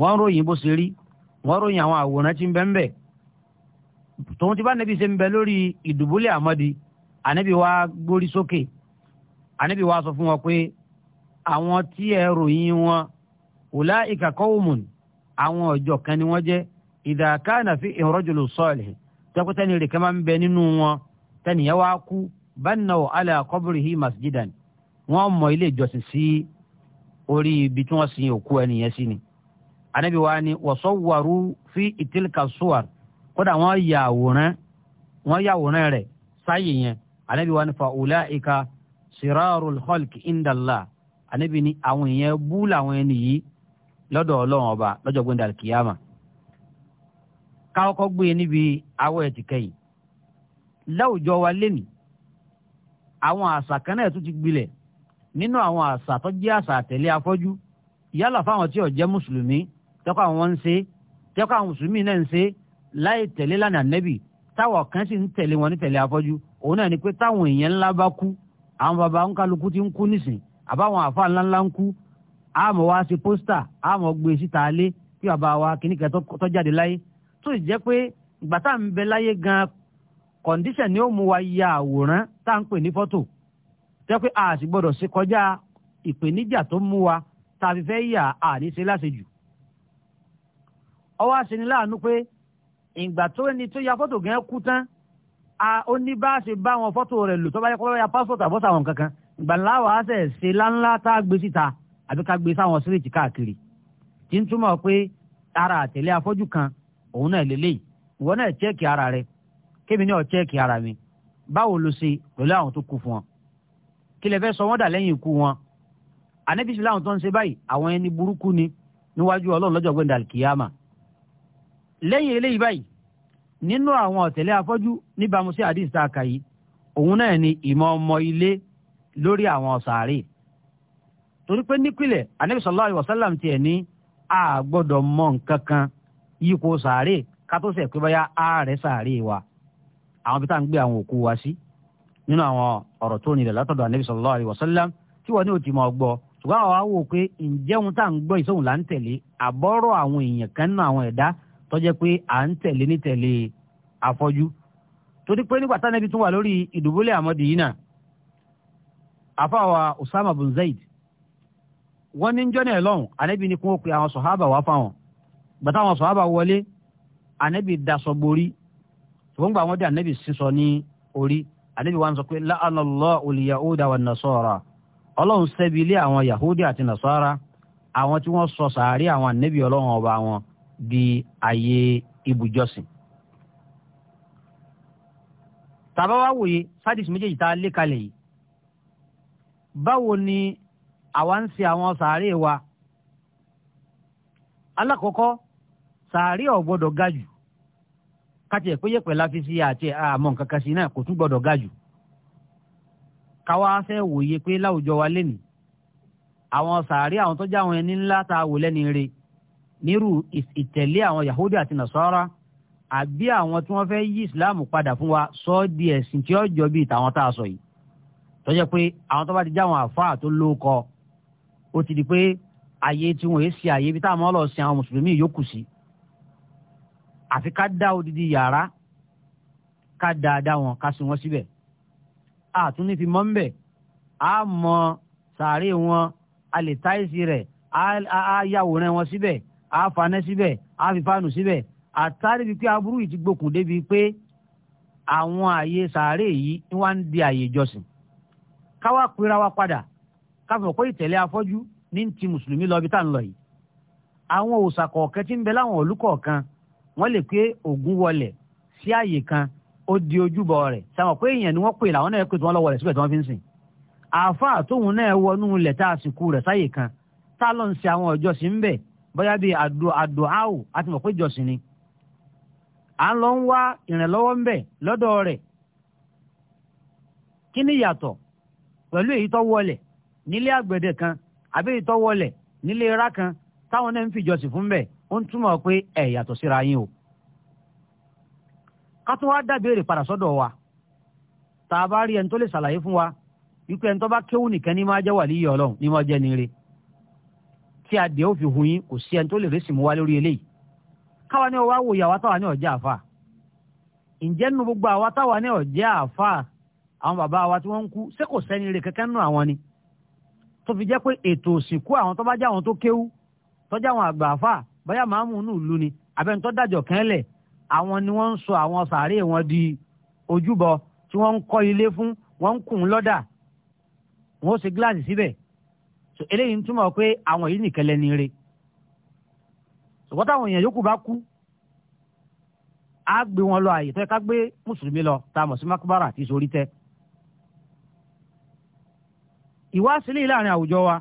[SPEAKER 3] wọ́n ròyìn bó ṣe rí wọ́n ròyìn àwọn àwòrán tí ń bẹ́ńbẹ́ tòun ti bá nẹ́bí ṣe ń bẹ lórí ìdùbúlẹ̀ àmọ́di ànẹ́bí wa gbórí sókè ànẹ́bí wa sọ fún wọn pé àwọn tí ẹ ròyìn wọn òlá ìkàkọ́wòmùn àwọn ọjọ́ kan ni wọ́n jẹ́ ìdàkánà fi ìrọ́jòlò sọ́ọ̀lì tẹ́kútẹ́ni rẹ̀ kẹ́mà ń bẹ nínú wọn tẹ́nìyẹ́ wa kú bannaw ala qabrihi masjidan wọ́n mọ ilé ìjọsìn sí orí ibi tí wọ́n sin òkú ẹnìyẹn sí ni ànẹ́bí wa ni wọ́sọ̀wọ́rú fi ìtìlkà sùwàrù kódà wọ́n ya àwòrán wọ́n ya àwòrán rẹ̀ sáyè yẹn anabi wa ni fa ulaika sirarul khalqi indallah anabi ni àwọn èèyàn bú làwọn ẹni yìí lọ́dọ̀ ọlọ́run ọba lọ́jọ́ gbẹ̀ndà kìyàmà káwọ́kọ́ gbé e níbi awọ ẹ̀tìkẹ́ yìí láwùjọ wa lẹ́nu àwọn àṣà kan náà tún ti gbilẹ̀ nínú àwọn àṣà tó jẹ́ àṣà àtẹ̀lé afọ́jú yálà fáwọn tí ò jẹ́ mùsùlùmí tẹ́kọ̀ àwọn ń ṣe tẹ́kọ̀ àwọn mùsùlùmí náà ń ṣe láì tẹ̀lé lánàá nẹ́bì táwọn kan sì ń tẹ̀lé wọn ní tẹ̀lé afọ́jú òun náà ni pé táwọn èèyàn ńlá bá kú àwọn baba ńkálukú ti ń kú nísìn àbáwọn àfa ńláńlá ń kú àmọ́ wá sí pósítà àmọ́ gbé e síta alé kí baba wa kìnnìkẹ́ tó jáde láyé tó sì jẹ́ pé ìgbà tá à ń bẹ láyé gan kọ̀ǹdíṣàn ni ó mú wa ya àwòrán tá à ń pè ní fọ́tò jẹ́ pé a sì gbọ́dọ̀ ṣe kọjá ìpèníjà tó mú wa tá fẹ́ yà á láṣejù ọwọ́ àṣeniláàánú pé ìgbà tó ẹni tó ya fọ́tò gan kú tán ó ní bá a ṣe bá àwọn fọ́tò rẹ̀ lò tó bá yẹ kó ya pásítọ̀tà fọ́tò àwọn kankan ìgbà ńlá wàá sẹ̀ ṣe láńlá tá a gbé síta àbí ká gbé sáwọn síríìtì káàkiri tí ń túmọ̀ pé ara àtẹ̀lé afọ́jú kan òun náà lélẹ́yìí ìwọ náà chẹ́ẹ̀kì ara rẹ kémi náà chẹ́ẹ̀kì ara mi báwo ló ṣe pẹ̀lú àwọn tó kú fún wọn kí lè fẹ́ sọ wọ́n dà lẹ́yìn ikú wọn ànẹ́bísí láwọn tó ń ṣe báyìí àwọn ẹni burúkú ni níwájú ọlọ́run lọ́jọ́ gbẹ̀ndà kìyàmà lẹ́yìn eléyìí báyìí nínú àwọn ọ̀tẹ̀lẹ̀ afọ́jú níbàámu sí àdìs tá a kà òun náà ni ìmọ̀ ọmọ ilé lórí àwọn sàárè torí pé nípìnlẹ̀ anabi sallallahu wasallam tiẹ̀ ní a gbọ́dọ̀ mọ nǹkan kan yípo sàárè ká tó pé báyà ààrẹ sàárè wa àwọn bí tá à ń gbé àwọn òkú wa sí nínú àwọn ọ̀rọ̀ tó nílẹ̀ látọ̀dọ̀ anabi sallallahu wasallam tí wọ́n ní òtí mọ̀ gbọ́ ṣùgbọ́n àwọn wò pé ǹjẹ́ òun tá à ń gbọ́ ìsóhùn là àbọ̀rọ̀ àwọn èèyàn kan nínú àwọn ẹ̀dá tọ́jẹ́ pé à ń tẹ̀lé ní tẹ̀lé afọ́jú torí pé nígbà táwọn ẹbí tún wà lórí ìdùbúlẹ̀ àmọ́dì yìí náà àfàwà Usama bin Zaid wọ́n ní jọ́nà ẹ̀ lọ́hùn ànábì ní kún ó pe àwọn sọ̀hábà wá fáwọn gbàtà àwọn sọ̀hábà wọlé ànábì daṣọ borí ṣùgbọ́n gbà wọ́n dé ànábì sísọ ní orí ànábì wa sọ pé la'anallahu al-yahuda wan-nasara ọlọ́run ṣẹ́bi ilé àwọn yahudi àti nasara àwọn tí wọ́n sọ sàárì àwọn ànábì ọlọ́run ọba wọn di àyè ibùjọsìn. tàbá wá wòye sádìs méjèèjì tá a lé kalẹ̀ yìí báwo ni àwa ń ṣe àwọn sàárè wa alákọ̀ọ́kọ́ sàárè ò gbọ́dọ̀ ga jù káti ẹ̀ pé yẹ̀pẹ̀ la fi sí àti àmọ́ nǹkan kan sí náà kò tún gbọ́dọ̀ ga jù káwa fẹ́ wòye pé láwùjọ wa lénìí àwọn sàárè àwọn tó àwọn ẹni ńlá tá a wò lẹ́ni rèé nírú ìtẹ̀lé àwọn yahudi àti nasara àbí àwọn tí wọ́n fẹ́ yí islam padà fún wa sọ ọ́ di ẹ̀sìn tí ó jọ bíi tàwọn tá a sọ yìí tó jẹ́ pé àwọn tó bá ti já àwọn àfáà tó lóko ó ti di pé àyè tí wọ́n èé ṣe àyè ibi táwọn ọlọ́ọ̀ àwọn mùsùlùmí yòókù sí àfi ká dá odidi yàrá ká dáadáa wọn ká sin wọn síbẹ̀ àtún ní fi mọ́ ń á mọ sàárè wọn a lè táìsì rẹ̀ á yàwòrán wọn síbẹ̀ á faná síbẹ̀ á fi fáànù síbẹ̀ àtàrí bíi pé aburú yìí ti gbókùn débi pé àwọn àyè sàárè yìí ni wọ́n ń di àyè ìjọsìn káwá pera wa padà káfọ̀ pé ìtẹ̀lé afọ́jú ní ti mùsùlùmí lọ ibi tá à ń lọ yìí àwọn òòsà kọ̀ọ̀kan tí ń bẹ láwọn òlú kọ̀ọ̀kan wọ́n lè pé ògún wọlé sí àyè kan ó di ojúbọ rẹ̀ sàmọ̀ pé èèyàn ni wọ́n pè làwọn náà pè tí wọ́n lọ wọlé síbẹ̀ tí wọ́n fi ń sìn àáfàá tóun náà wọnú ilẹ̀ tá a sìnkú rẹ̀ sáyè kan tá a lọ ń ṣe àwọn ọjọ́ ń bẹ̀ bóyá bíi àdó àdó áwò àti mọ̀ pé ìjọsìn ni à ń lọ ń wá ìrìnlọ́wọ́ ń bẹ̀ lọ́dọ̀ rẹ̀ kí ni yàtọ̀ pẹ̀lú èyí tó wọlẹ̀ nílé àgbẹ̀dẹ kan àbí èyí tó wọlẹ̀ nílé ra kan táwọn náà ń fìjọsìn fún ó ń o padà sọ́dọ̀ wa tá a bá rí ẹni tó lè ṣàlàyé fún wa ẹni tó bá kéwù nire tí adìẹ ò fi hun yín kò sí ẹni tó lè rẹ́sì mú wa lórí eléyìí káwa ní ọwọ́ àwòyà wa táwa ní ọ̀jẹ́ àfa ǹjẹ́ nínú gbogbo àwa táwa ní ọ̀jẹ́ àfa àwọn bàbá wa tí wọ́n ń kú ṣé kò sẹ́ni rè kẹ́kẹ́ nínú àwọn ni tó fi jẹ́ pé ètò òsìnkú àwọn tó bá jẹ́ àwọn tó kéwú tó àwọn àgbà àfa bóyá màámu inú ìlú ni àbẹ́ni tó dájọ́ kẹ́lẹ̀ àwọn ni wọ́n ń sọ àwọn sàárè wọn di ojúbọ tí wọ́n ń kọ́ ilé fún wọ́n ń kùn lọ́dà wọ́n ó ṣe gíláàsì síbẹ̀ so eléyìí ń túmọ̀ pé àwọn yìí nìkan lẹ́ni re ṣùgbọ́n táwọn èèyàn yòókù bá kú á gbé wọn lọ àyè tó yẹ ká gbé mùsùlùmí lọ tá a mọ̀ sí makubara àti sórí tẹ́ ìwá sílẹ̀ láàrin àwùjọ wa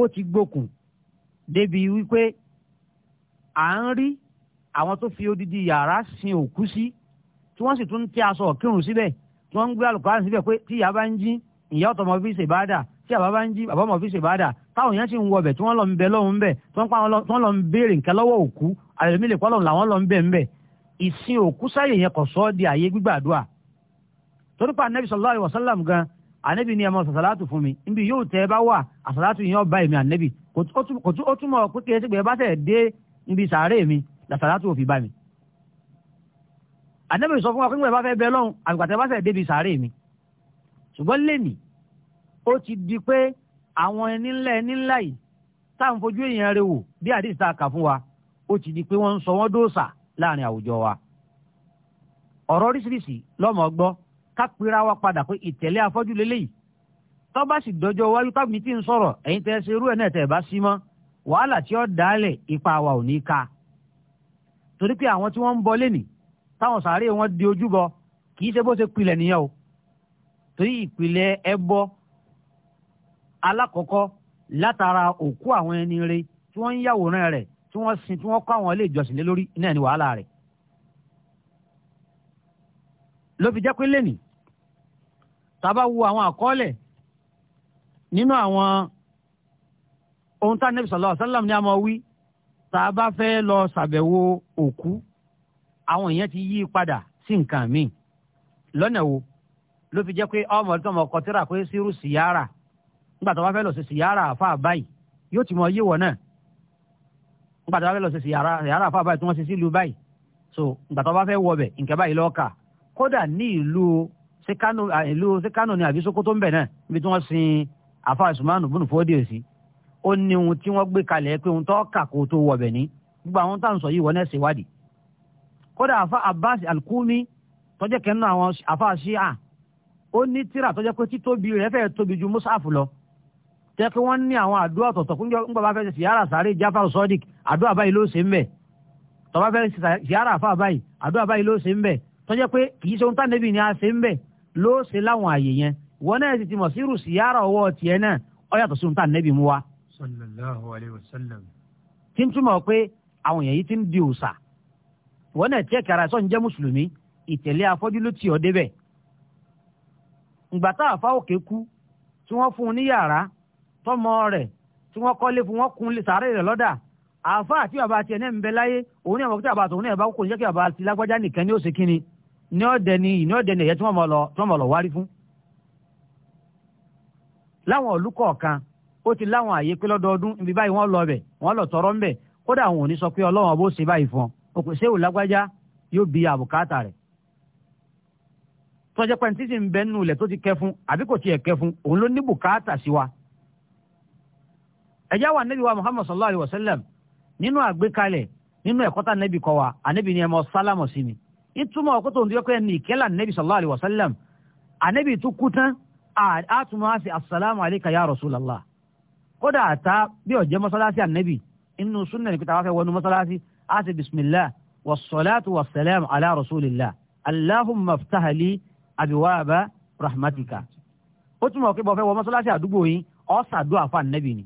[SPEAKER 3] ó ti gbókùn débi wípé à ń rí àwọn tó fi odidi yàrá sin òkú sí tí wọ́n sì tún ń tẹ́ aṣọ kírun síbẹ̀ tí wọ́n ń gbé àlùkò síbẹ̀ pé tí ìyá bá ń jí ìyá ọ̀tọ̀mọ́ fi ṣèbádà tí àbá bá ń jí àbá mọ̀ fi ṣe ìbáàdà táwọn èèyàn sì ń wọbẹ̀ tí wọ́n lọ ń bẹ lọ́hùn bẹ̀ tí wọ́n lọ ń béèrè nǹkan lọ́wọ́ òkú àlẹ́mí lè pọ́lọ́hùn làwọn lọ ń bẹ̀ ń bẹ̀ ìsìn òkú sáyè yẹn kò sọ ọ́ di àyè gbígbàdúà torí pa anabi sallallahu alayhi wa sallam gan anabi ni ẹ mọ sàṣàlátù fún mi níbi yóò tẹ ẹ bá wà àṣàlátù yẹn ọba èmi anabi kò tún mọ pé kí ẹ ti gbẹ bá tẹ dé níbi sàárè mi làṣàlátù òfin bá mi anabi sọ fún wa pé ń gbẹ bá fẹ bẹ lọ́hùn àgbàtà bá tẹ débi sàárè mi ṣùgbọ́n lẹ́nìí ó ti di pé àwọn ẹni ńlá ẹni ńlá yìí táwọn fojú èèyàn rẹ wò bí àdìsí tá a kà fún wa ó ti di pé wọ́n ń sọ wọ́n dóòsà láàrin àwùjọ wa. ọ̀rọ̀ oríṣiríṣi lọ́mọ gbọ́ ká pera wa padà pé ìtẹ̀lé afọ́jú leléyìí tọ́ba sì dọjọ́ wáyú tábìlì tí ń sọ̀rọ̀ ẹ̀yin tẹ́ ṣe irú ẹ̀ náà tẹ́ ẹ bá sí mọ́ wàhálà tí ó dálẹ̀ ipa wa ò ní ka torí pé àwọn tí wọ́n ń bọ lẹ́nìí táwọn sàárè wọn di ojúbọ kì í ṣe bó ṣe pilẹ̀ nìyẹn o torí ìpìlẹ̀ ẹbọ alákọ̀ọ́kọ́ látara òkú àwọn ẹni rẹ tí wọ́n ń yàwòrán rẹ̀ tí wọ́n sin tí wọ́n kọ́ àwọn ilé ìjọsìn lé lórí náà ni wàhálà rẹ̀. ló fi jẹ́ pé lẹ́nìí tábà wo àwọn àkọọ́lẹ̀ nínú àwọn ohun tá nẹ́bí sallallahu alaihi ni a máa wí tábà fẹ́ lọ ṣàbẹ̀wò òkú àwọn èèyàn ti yí padà sí nǹkan míì lọ́nà wo ló fi jẹ́ pé ọmọ ọdún tó mọ̀ kọtíra pé sírù síyára. Si nígbà tó bá fẹ́ lọ sí yàrá àfa báyìí yóò ti mọ yé náà nígbà tó bá fẹ́ lọ sí yàrá àfa báyìí tí wọ́n ṣe sí ìlú báyìí so nígbà tó bá fẹ́ wọ bẹ̀ nǹkan báyìí lọ́ọ́ kà kódà ní ìlú sekano ìlú sekano ní àbí sokoto ń bẹ̀ náà níbi tí wọ́n sin àfa ìsùnmánu bùnú fọ́ọ́dì òsì ó ní ohun tí wọ́n gbé kalẹ̀ pé ohun tó kà kó tó wọ ní gbogbo àwọn tá sọ yìí wọ́n náà ṣèwádìí kódà àfa alkumi tọ́jẹ́ kẹ́nu àwọn àfa ṣíà ó ní tíra tọ́jẹ́ pé títóbi rẹ̀ fẹ́ẹ́ tóbi tẹ́ kí wọ́n ní àwọn àdúrà ọ̀tọ̀ọ̀tọ̀ fún gbọ́ bá fẹ́ ṣe ṣìyára sáré jáfàrò sọ́dík àdúrà báyìí ló ṣe ń bẹ̀ fẹ́ ṣe ṣìyára báyìí àdúrà báyìí ló ṣe ń bẹ̀ pé kì ni a ṣe ń bẹ̀ ló ṣe láwọn wọn náà sì ti mọ̀ sírù ṣìyára ọwọ́ tiẹ̀ náà yàtọ̀ sí ohun tánẹ́bì wa.
[SPEAKER 2] sallallahu
[SPEAKER 3] tí ń túmọ̀ pé ti ń di wọn náà tiẹ̀ kára sọ́n jẹ́ mùsùlùmí ìtẹ̀lé afọ́jú ló débẹ̀. tí tọmọ rẹ̀ tí wọ́n kọ́lé fún wọn kun lè sàárè rẹ̀ lọ́dà àáfà àti bàbá tiẹ̀ náà ń bẹ láyé òun ní àbọ̀kútà àbàtò òun ní àbá kò ní jẹ́ bàbá ti lágbájá nìkan ní òsè kínni ní ọ̀dẹ ni ní ọ̀dẹ ni ẹ̀yẹ tí wọ́n mọ̀ lọ wárí fún. láwọn ìlú kọ̀ọ̀kan ó ti láwọn àyè pé lọ́dọọdún ibi báyìí wọ́n lọ bẹ̀ wọ́n lọ tọrọ ń bẹ̀ kódà àwọn òní sọ pé ọlọ́run ọbọ̀ ṣe báyìí fún ọ kò séwò lágbájá yóò bi àbùkátà rẹ̀ tọ́jọ́ pẹ́ntì ń bẹ́ẹ̀ nù lẹ̀ tó ti kẹ́ fún àbí kò tiẹ̀ kẹ́ fún òun ló ní bùkátà sí wa ẹjá wà nẹ́bí wa muhammad sallallahu alayhi wa sallam nínú àgbékalẹ̀ nínú ẹ̀kọ́ tá nẹ́bí kọ́ wa ànẹ́bí ni ẹ mọ sálámọ̀ sí ni ìtumọ̀ ọkọ́ tó ń dúró pé ní ìkẹ́lá nẹ́bí sallallahu alayhi wa sallam ànẹ́bí tó kú tán àtúmọ̀ á sì asalaamu alayka ya rasulallah kódà àtà bí ọ̀jẹ́ mọ́sálásí ànẹ́bí inú sunna ní pété àwọn afẹ́ wọnú mọ́sálásí á sì bismillah wasalaatu wasalaam ala rasulillah allahumma ftahali abiwaaba rahmatika ó túmọ̀ pé bọ́ fẹ́ wọ mọ́sálásí àdúgbò yín ọ́ sàdúrà fún ànẹ́bí ni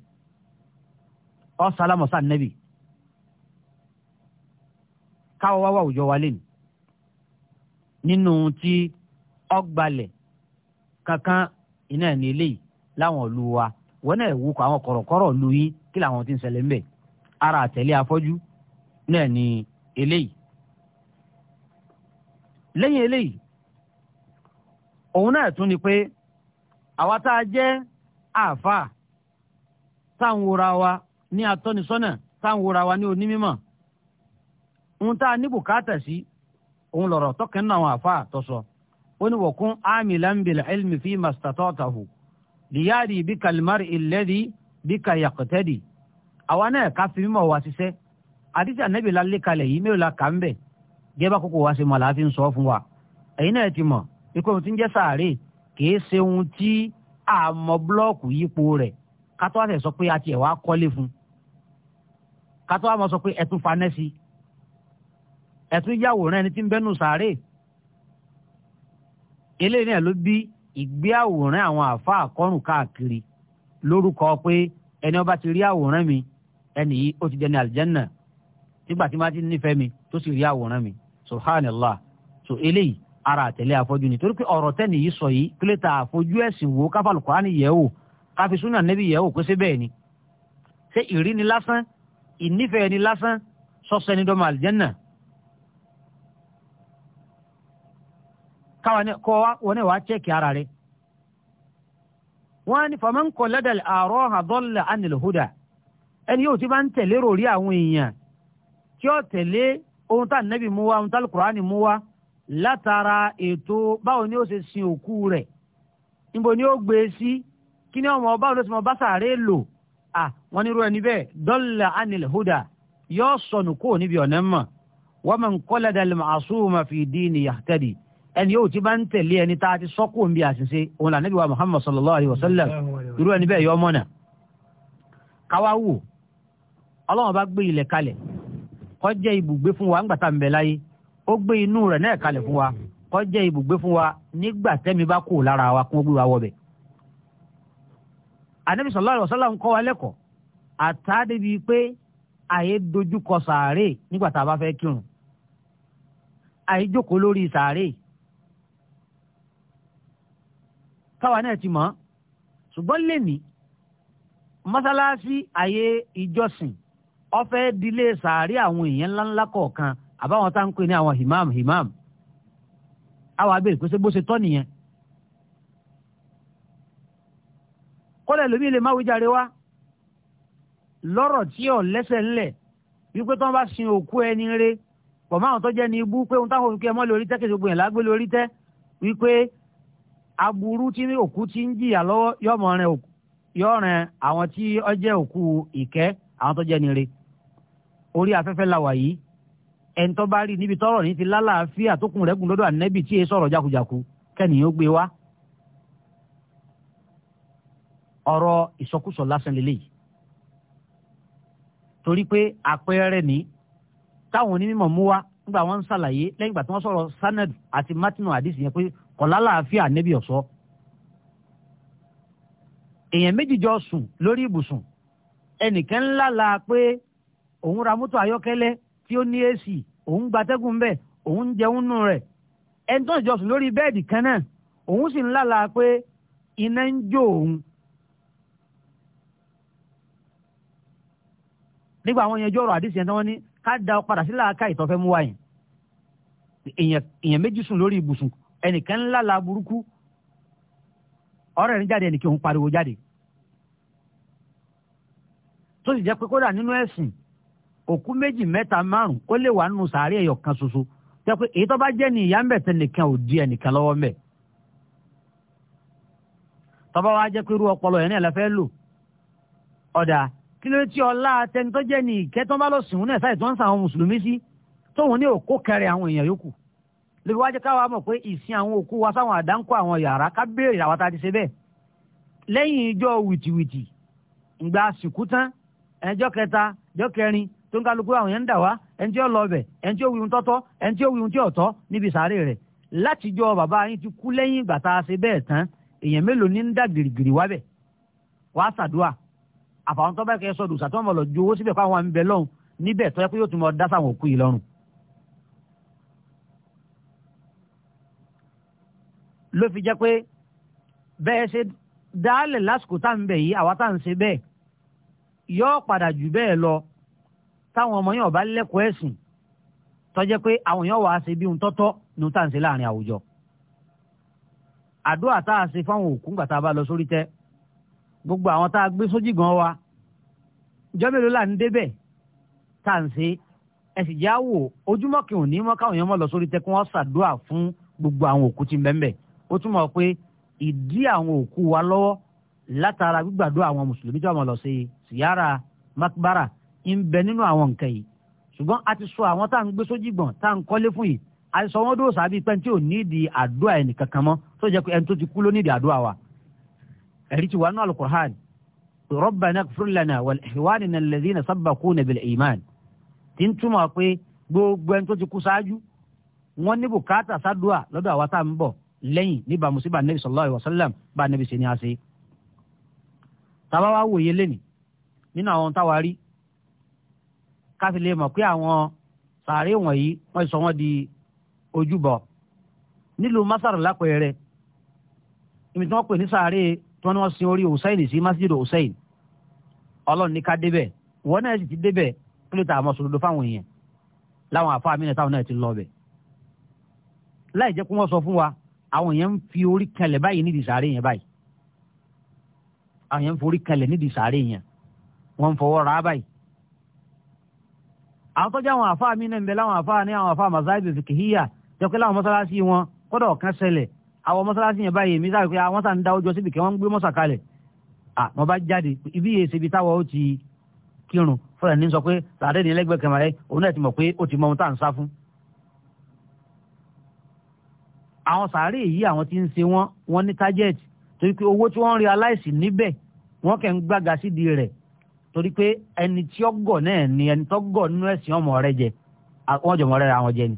[SPEAKER 3] ọ sálámọ̀ sáà nẹ́bì káwọ́ wá wà òjò wa lẹ́nu nínú tí ọgbàlẹ̀ kankan iná ní eléyìí láwọn ìlú wa wọn náà wú àwọn kọ̀rọ̀kọ̀rọ̀ lu yín kí làwọn ti ń ṣẹlẹ̀ ń bẹ̀ ara àtẹ̀lé afọ́jú náà ní eléyìí lẹ́yìn eléyìí òun náà tún ni pé àwa tá a jẹ́ àáfàá táwọn wúra wa ní atọ́nisọ́nà tá à ń wora wa ní onímọ̀ ohun tá a ní bùkátà sí òun lọ̀rọ̀ tọkàn náà àwọn àfa àtọ́sọ ó ní wọ̀kún amilan bil ilmi fi mastatatahu liyari bí kalimari ilẹ́dí bí kayakọ̀tẹ́dì àwa náà ká fi mímọ̀ wá ṣiṣẹ́ àdìsí ànábì lálẹ́ yìí mélòó la kà ń bẹ̀ gẹ́bà kókó wá sí mọ̀ láti ń sọ fún wa ẹ̀yin náà ti mọ̀ ikú ohun tí ń jẹ́ sàárè kìí ṣe ohun tí àmọ́ búlọ́ọ̀kù yípo rẹ̀ kátó àṣẹ sọ pé a tiẹ̀ wá kọ́lé fún kátó àmọ́ sọ pé ẹ̀tún fanẹ́sì ẹ̀tún yàwòrán ẹni tí ń bẹ́nu sàárè eléyìí náà ló bí ìgbé àwòrán àwọn àáfàá kọrùn káàkiri lórúkọ pé ẹni ọba ti rí àwòrán mi ẹni yìí ó ti dẹni àlìjẹ́nà nígbà tí má ti mi tó sì rí àwòrán mi subhanallah so eléyìí ara àtẹ̀lé àfọ́jú ni torí pé ọ̀rọ̀ tẹ́ni yìí sọ yìí kílẹ̀ tá àfojú ẹ̀sìn wo káfàlùkọ́ á ní yẹ̀ wò káfi súnà nẹ́bí ni ṣé ìrí ni lásán ìnífẹ̀ẹ́ ni lásán sọ́sẹ́ni dọ́mọ àlìjẹ́nà. kọ́ wọn ni wàá chẹ́kì ara rẹ̀. wọ́n á ní faman qallada al-araha dhalla anil huda ẹni yóò ti bá ń tẹ̀lé rò rí àwọn èèyàn tí ó tẹ̀lé ohun tá nẹ́bí mú wa ohun tá lùkùránì mú wa látara ètò báwo ni ó ṣe sin òkú rẹ̀ níbo ni ó gbé e sí kí ni ọmọ báwo ló ti mọ bá sàárè lò à wọ́n nírú ẹni bẹ́ẹ̀ dọ́là anil huda yóò sọnù kó níbi ọ̀nà mọ̀ wọ́n mọ̀ nkọ́lá dalẹ̀ màṣúùmá fi díìnì yahtadi ẹni yóò ti bá ń tẹ̀lé ẹni tá a ti sọ́kù ń bí àṣìṣe òun là níbi wa muhammad sallallahu alayhi wa sallam irú ẹni bẹ́ẹ̀ yọ ọmọ káwá wò ọlọ́run bá gbé ilẹ̀ kalẹ̀ kó ibùgbé fún wa ńgbàtà ń láyé ó gbé inú rẹ̀ náà kalẹ̀ fún wa kó ibùgbé fún wa nígbà tẹ́mi bá kù lára wa kún gbé wa wọbẹ̀ anabi sallallahu alaihi wasallam ń kọ́ wa lẹ́kọ̀ọ́ àtàdébi pé àyè dojúkọ sàárè nígbà tá a bá fẹ́ kírun àyè jókòó lórí sàárè káwa náà ti mọ̀ ṣùgbọ́n lèmi mọ́sálásí àyè ìjọsìn ọ̀fẹ́ dilé sàárè àwọn èèyàn ńláńlá kọ̀ọ̀kan àbáwọn tá ní àwọn himam himam àwọn abẹ́rẹ́ pé ṣé bó ṣe tọ́ nìyẹn kọ́lẹ̀ lómi lè má wíjàre wá lọ́rọ̀ tí ò lẹ́sẹ̀ ńlẹ̀ wípé tí wọ́n bá sin òkú ẹni rẹ pọ̀ máa tó jẹ́ ní ibú pé ohun táwọn olùkẹ́ mọ́ lórí tẹ́ kejì gbìyànjú lágbé lórí tẹ́ wípé aburú tí òkú ti ń jìyà lọ́wọ́ yọ̀ rẹ̀ àwọn tí ó jẹ́ òkú ìkẹ́ àwọn tó ni rẹ orí afẹ́fẹ́ la wà yìí ẹni tó bá rí níbi tọ́rọ̀ ní ti lálàáfíà tó kùn rẹ́gùn lọ́dọ̀ ànẹ́bì ọ̀rọ̀ ìsọkúsọ lásán lélẹ́yìí torí pé àpẹẹrẹ ní táwọn onímọ̀ mú wá nígbà wọn ń ṣàlàyé lẹ́yìn ìgbà tí wọ́n sọ̀rọ̀ sanad àti matinu àdìsí yẹn pé kọ̀lá làáfíà níbi ọ̀sọ́ èèyàn méjì jọ sùn lórí ibùsùn ẹnìkan ńlá la pé òun ra mọ́tò ayọ́kẹ́lẹ́ tí ó ní èsì òun gbatẹ́gùn ń bẹ̀ òun jẹun nù rẹ̀ ẹni tó ń jọ sùn lórí bẹ́ẹ̀dì kan náà òun sì ńlá la pé iná ń jó òun nígbà àwọn yẹn jọrọ àdìsí yẹn tí wọ́n ní ká da ọ padà sílẹ̀ aka ìtọ́fẹ́ mú wáyìn èèyàn méjì sùn lórí ibùsùn ẹnìkan ńlá la burúkú ọ̀rẹ́ rẹ̀ jáde ẹnìkan òun pariwo jáde tó sì jẹ́ pé kódà nínú ẹ̀sìn òkú méjì mẹ́ta márùn ó lè wà nínú sàárẹ̀ ẹyọ kan ṣoṣo jẹ́ pé èyí tó bá jẹ́ ní ìyá ń nìkan ò di ẹnìkan lọ́wọ́ ń bẹ̀ wa jẹ́ pé irú ọpọlọ yẹn náà la fẹ́ lò ọ̀dà kí ló ti ọlá tẹni tó jẹ́ ní ìkẹ́ tó bá lọ sùn náà sáì tó ń sa àwọn mùsùlùmí sí tóun ní òkó kẹrẹ àwọn èèyàn yòókù lórí wájú káwa mọ̀ pé ìsìn àwọn òkú wa sáwọn àdánkù àwọn yàrá ká béèrè àwọn tá a ti ṣe bẹ́ẹ̀ lẹ́yìn ijọ́ wìtìwìtì ìgbà sìnkú tán ẹjọ́ kẹta ẹjọ́ kẹrin tó ń kálukú àwọn yẹn ń dà wá ẹni tí ó lọ bẹ̀ ẹni tí ó wíwun tọ́tọ́ ẹni tí ó wíwun tí ọ̀tọ́ níbi sàárè rẹ̀ látijọ́ bàbá yín ti kú lẹ́yìn ìgbà tá a ṣe bẹ́ẹ̀ tán èèyàn mélòó ní ń dà gìrìgìrì wá bẹ̀ wá ṣàdúrà àfàwọn tó bá kẹ́ sọ dùsà tó mọ̀ lọ ju owó síbẹ̀ kó àwọn àmì bẹ̀ lọ́hùn níbẹ̀ tó yẹ pé yóò tún mọ̀ dá sáwọn òkú yìí lọ́rùn. ló fi jẹ́ pé bẹ́ẹ̀ ṣe dálẹ̀ lásìkò tá à ń bẹ̀ yìí àwa tá à ń ṣe bẹ́ẹ̀ yóò padà jù bẹ́ẹ̀ lọ táwọn ọmọ yẹn ò bá lẹ́kọ̀ọ́ ẹ̀sìn tó jẹ́ pé àwọn yẹn wàá ṣe bí ohun tọ́tọ́ ni ohun tá à ń ṣe láàrin àwùjọ àdúrà tá a ṣe fáwọn òkú ńgbà tá a bá lọ sórí tẹ́ gbogbo àwọn tá a gbé sójì gan wa ìjọ mélòó là ń débẹ̀ tá à ń ṣe ẹ sì já wò ojúmọ́ kí òní mọ́ káwọn èèyàn mọ́ lọ sórí tẹ́kún wọ́n ṣàdúrà fún gbogbo àwọn òkú ti bẹ́ẹ̀ ó túmọ̀ pé ìdí àwọn òkú wa lọ́wọ́ látara gbígbàdúrà àwọn mùsùlùmí tí wọ́n lọ sí síyára makbara ń bẹ nínú àwọn nǹkan yìí ṣùgbọ́n a ti sọ àwọn tá à ń gbé sójì gbọ̀n tá à ń kọ́lé fún yìí a ti dúró sábì pẹ́ńtì ò nídìí àdúrà ẹnìkankan mọ́ tó jẹ́ pé ẹni tó ti kú ló nídìí àdúrà wa ẹ̀rí ti wà nínú alukur'an rabbana ighfir lana wa li ikhwanina alladhina sabaquna bil iman ti ń túmọ̀ pé gbogbo ẹni tó ti kú ṣáájú wọ́n ní bùkátà sádùá lọ́dọ̀ àwa tá à ń bọ̀ lẹ́yìn níbà mùsíbà nabi sallallahu alaihi wasallam bá nabi ṣe ni a ṣe. tàbá wa wòye lẹ́nì nínú àwọn táwa rí káfí lè mọ̀ pé àwọn sàárè wọ̀nyí wọ́n sọ wọ́n di ojúbọ nílùú masar lápẹẹrẹ ibi tí pè ní sàárè tí wọ́n ní wọ́n sin orí hussein sí masjid hussein ọlọ́run ní ká débẹ̀ wọ́n náà sì ti débẹ̀ kí ló ta àmọ́ sòdodo fáwọn èèyàn láwọn àfa àmì náà táwọn náà ti lọ bẹ̀. láì jẹ́ kó wọ́n sọ fún wa àwọn èèyàn ń fi orí kanlẹ̀ báyìí nídìí sàárè yẹn báyìí àwọn èèyàn ń forí kanlẹ̀ nídìí sàárè yẹn wọ́n ń fọwọ́ ra báyìí. àwọn tọ́jú àwọn àfa àmì náà ń bẹ láwọn àfa ní àwọn àfa masáyébì fìkìhíyà àwọn mọ́sálásí yẹn báyìí èmi sáré pé àwọn ah, sàn ń dáwọ́ jọ síbi kí wọ́n ń gbé mọ́sà kalẹ̀ à bá jáde ibi yìí ṣe ibi táwọn ó ti kírun fúnra ní sọ pé sàárẹ̀ ní ẹlẹ́gbẹ̀ẹ́ kẹmà rẹ òun náà ti mọ̀ pé ó ti mọ ohun tá à ń sá fún. àwọn sàárẹ̀ yìí àwọn ti ń ṣe wọ́n wọ́n ní target torí pé owó tí wọ́n ń realize níbẹ̀ wọ́n kẹ́ ń gbága sídìí rẹ̀ torí pé ẹni tí ó náà ni ẹni tó gọ̀ nínú ẹ̀sìn ọmọ rẹ jẹ àwọn jọmọ rẹ àwọn jẹ ni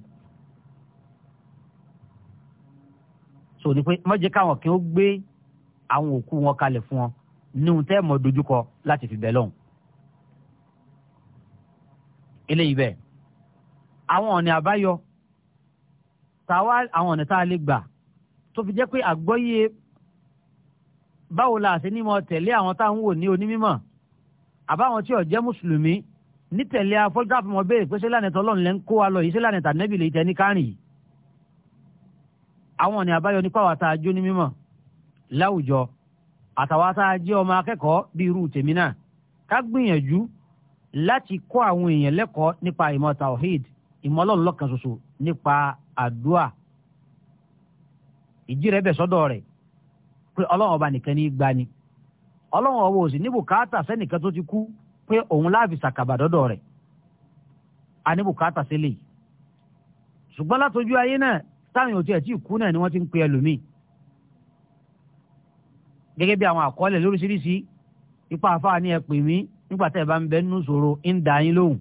[SPEAKER 3] so ni pé mọ́jẹ́ káwọn kí ó gbé àwọn òkú wọn kalẹ̀ fún ọ níhun tẹ́ mọ̀ dojúkọ láti fi bẹ̀ lọ́hùn. eléyìí bẹ́ẹ̀ àwọn ọ̀nà àbáyọ tàwa àwọn ọ̀nà tá a lè gbà tó fi jẹ́ pé àgbọ́yé báwo la àti nímọ̀ tẹ̀lé àwọn táwọn wò ní onímọ̀ àbáwọn tí ò jẹ́ mùsùlùmí nítẹ̀lé afọ́jú àfimọ̀ béèrè pé ṣé lánàá tọ́lọ́run lẹ́ ń kó wa lọ yìí ṣé lánàá tà nẹ́bìlì tẹ́ kárìn yìí àwọn ni àbáyọ nípa àwọn àtàjọ ní láwùjọ àtàwọn àtàjọ ọmọ akẹ́kọ̀ọ́ bí irú tèmi náà ká gbìyànjú láti kọ àwọn èèyàn lẹ́kọ̀ọ́ nípa ìmọ̀ tawhid ṣoṣo nípa àdúà ìjì rẹ bẹ̀ rẹ pé ọlọ́run ọba nìkan ní ọba òsì ní bùkátà tó ti kú pé òun láàfi sàkàbà rẹ a ní bùkátà látọjú ayé náà táwọn èèyàn tiẹ̀ tí ì kú náà ni wọ́n ti ń pe ẹlòmíì gẹ́gẹ́ bí àwọn àkọọ́lẹ̀ lóríṣiríṣi ipa àfa ni ẹ pè mí nígbà tẹ́ ẹ bá ń bẹ nínú ìṣòro ń da yín lóhùn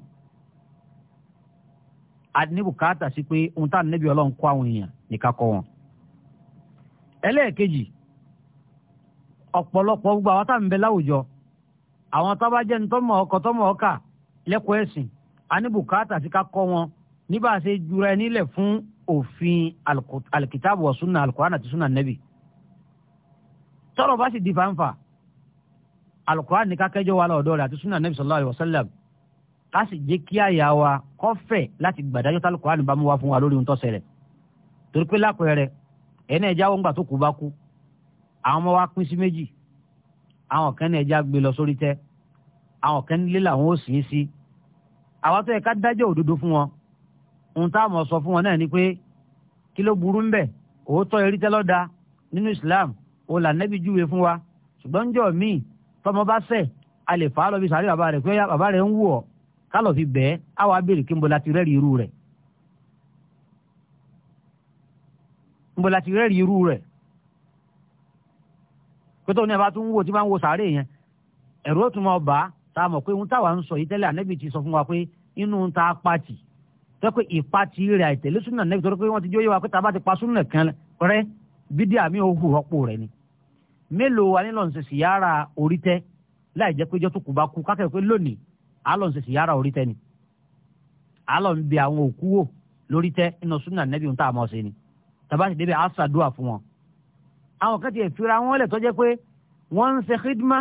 [SPEAKER 3] a ní bùkátà sí pé ohun táwọn níbi ọlọ́run kọ́ àwọn èèyàn nìkan kọ́ wọn. ẹlẹ́ẹ̀kejì ọ̀pọ̀lọpọ̀ gbogbo àwọn táwọn ń bẹ láwùjọ àwọn tábàjẹ́ ní tọ́mọ̀ ọkọ̀ ọkà lẹ́kọ̀ọ́ ẹ̀sìn a ní sí ká kọ́ wọn níbà jura ẹ nílẹ̀ fún òfin alikitaabu wa sunna alukur'an àti sunna nabi tọrọ bá sì di fanfa alukur'an ní ká kẹjọ wa lọ́dọ̀ rẹ̀ àti sunna nabi sallallahu alayhi wa sallam ká sì jẹ́ kí àyà wa kọ́fẹ̀ láti gbàdájọ́ tá alukur'an bá mú wa fún wa lórí ohun tó ṣẹlẹ̀ torí pé lápẹẹrẹ ẹni ẹja wọn gbà tó kú bá kú àwọn ọmọ wa pín sí méjì àwọn kan ní ẹja gbé lọ sórí tẹ àwọn kan nílé làwọn ò sìn sí àwọn tó yẹ ká dájọ́ òdodo fún wọn ohun tá a mọ̀ sọ fún wọn náà ni pé kí ló burú ń bẹ̀ òótọ́ erítẹ́lọ́dà nínú Islam òun là nẹ́bí júwe fún wa ṣùgbọ́n ń jọ míì tọmọ bá ṣẹ̀ a lè fà á lọ bí sàárè bàbá rẹ̀ pé bàbá rẹ̀ ń wù ọ́ ká lọ fi bẹ́ẹ̀ á wàá béèrè kí n bọ̀ láti rẹ́rìí irú rẹ̀ n bọ̀ láti rẹ́rìí irú rẹ̀ a mọ̀ pé ohun táwa ń sọ fún wa pé inú ta tẹ́kọ̀ ìpa ti rẹ̀ àìtẹ̀lé súnà nẹ́bí torí pé wọ́n ti jó yẹ wa pé tábà ti pa súnà kan rẹ́ bídíà mi ò hù rọ́pò rẹ̀ ni. mélòó wa nílò ǹsẹ̀ síyára orí tẹ́ láì jẹ́ pé ijọ́ tó kù bá kú kákẹ́ pé lónìí àlọ́ ǹsẹ̀ síyára orí tẹ́ ni. àlọ́ ń bi àwọn òkú wò lórí tẹ́ iná súnà nẹ́bí ń tà mọ́ sí ni. tábà ti débi àṣàdúà fún wọn. àwọn kan ti fira wọn lẹ̀ tọ́jẹ́ pé wọ́n ń ṣe khidma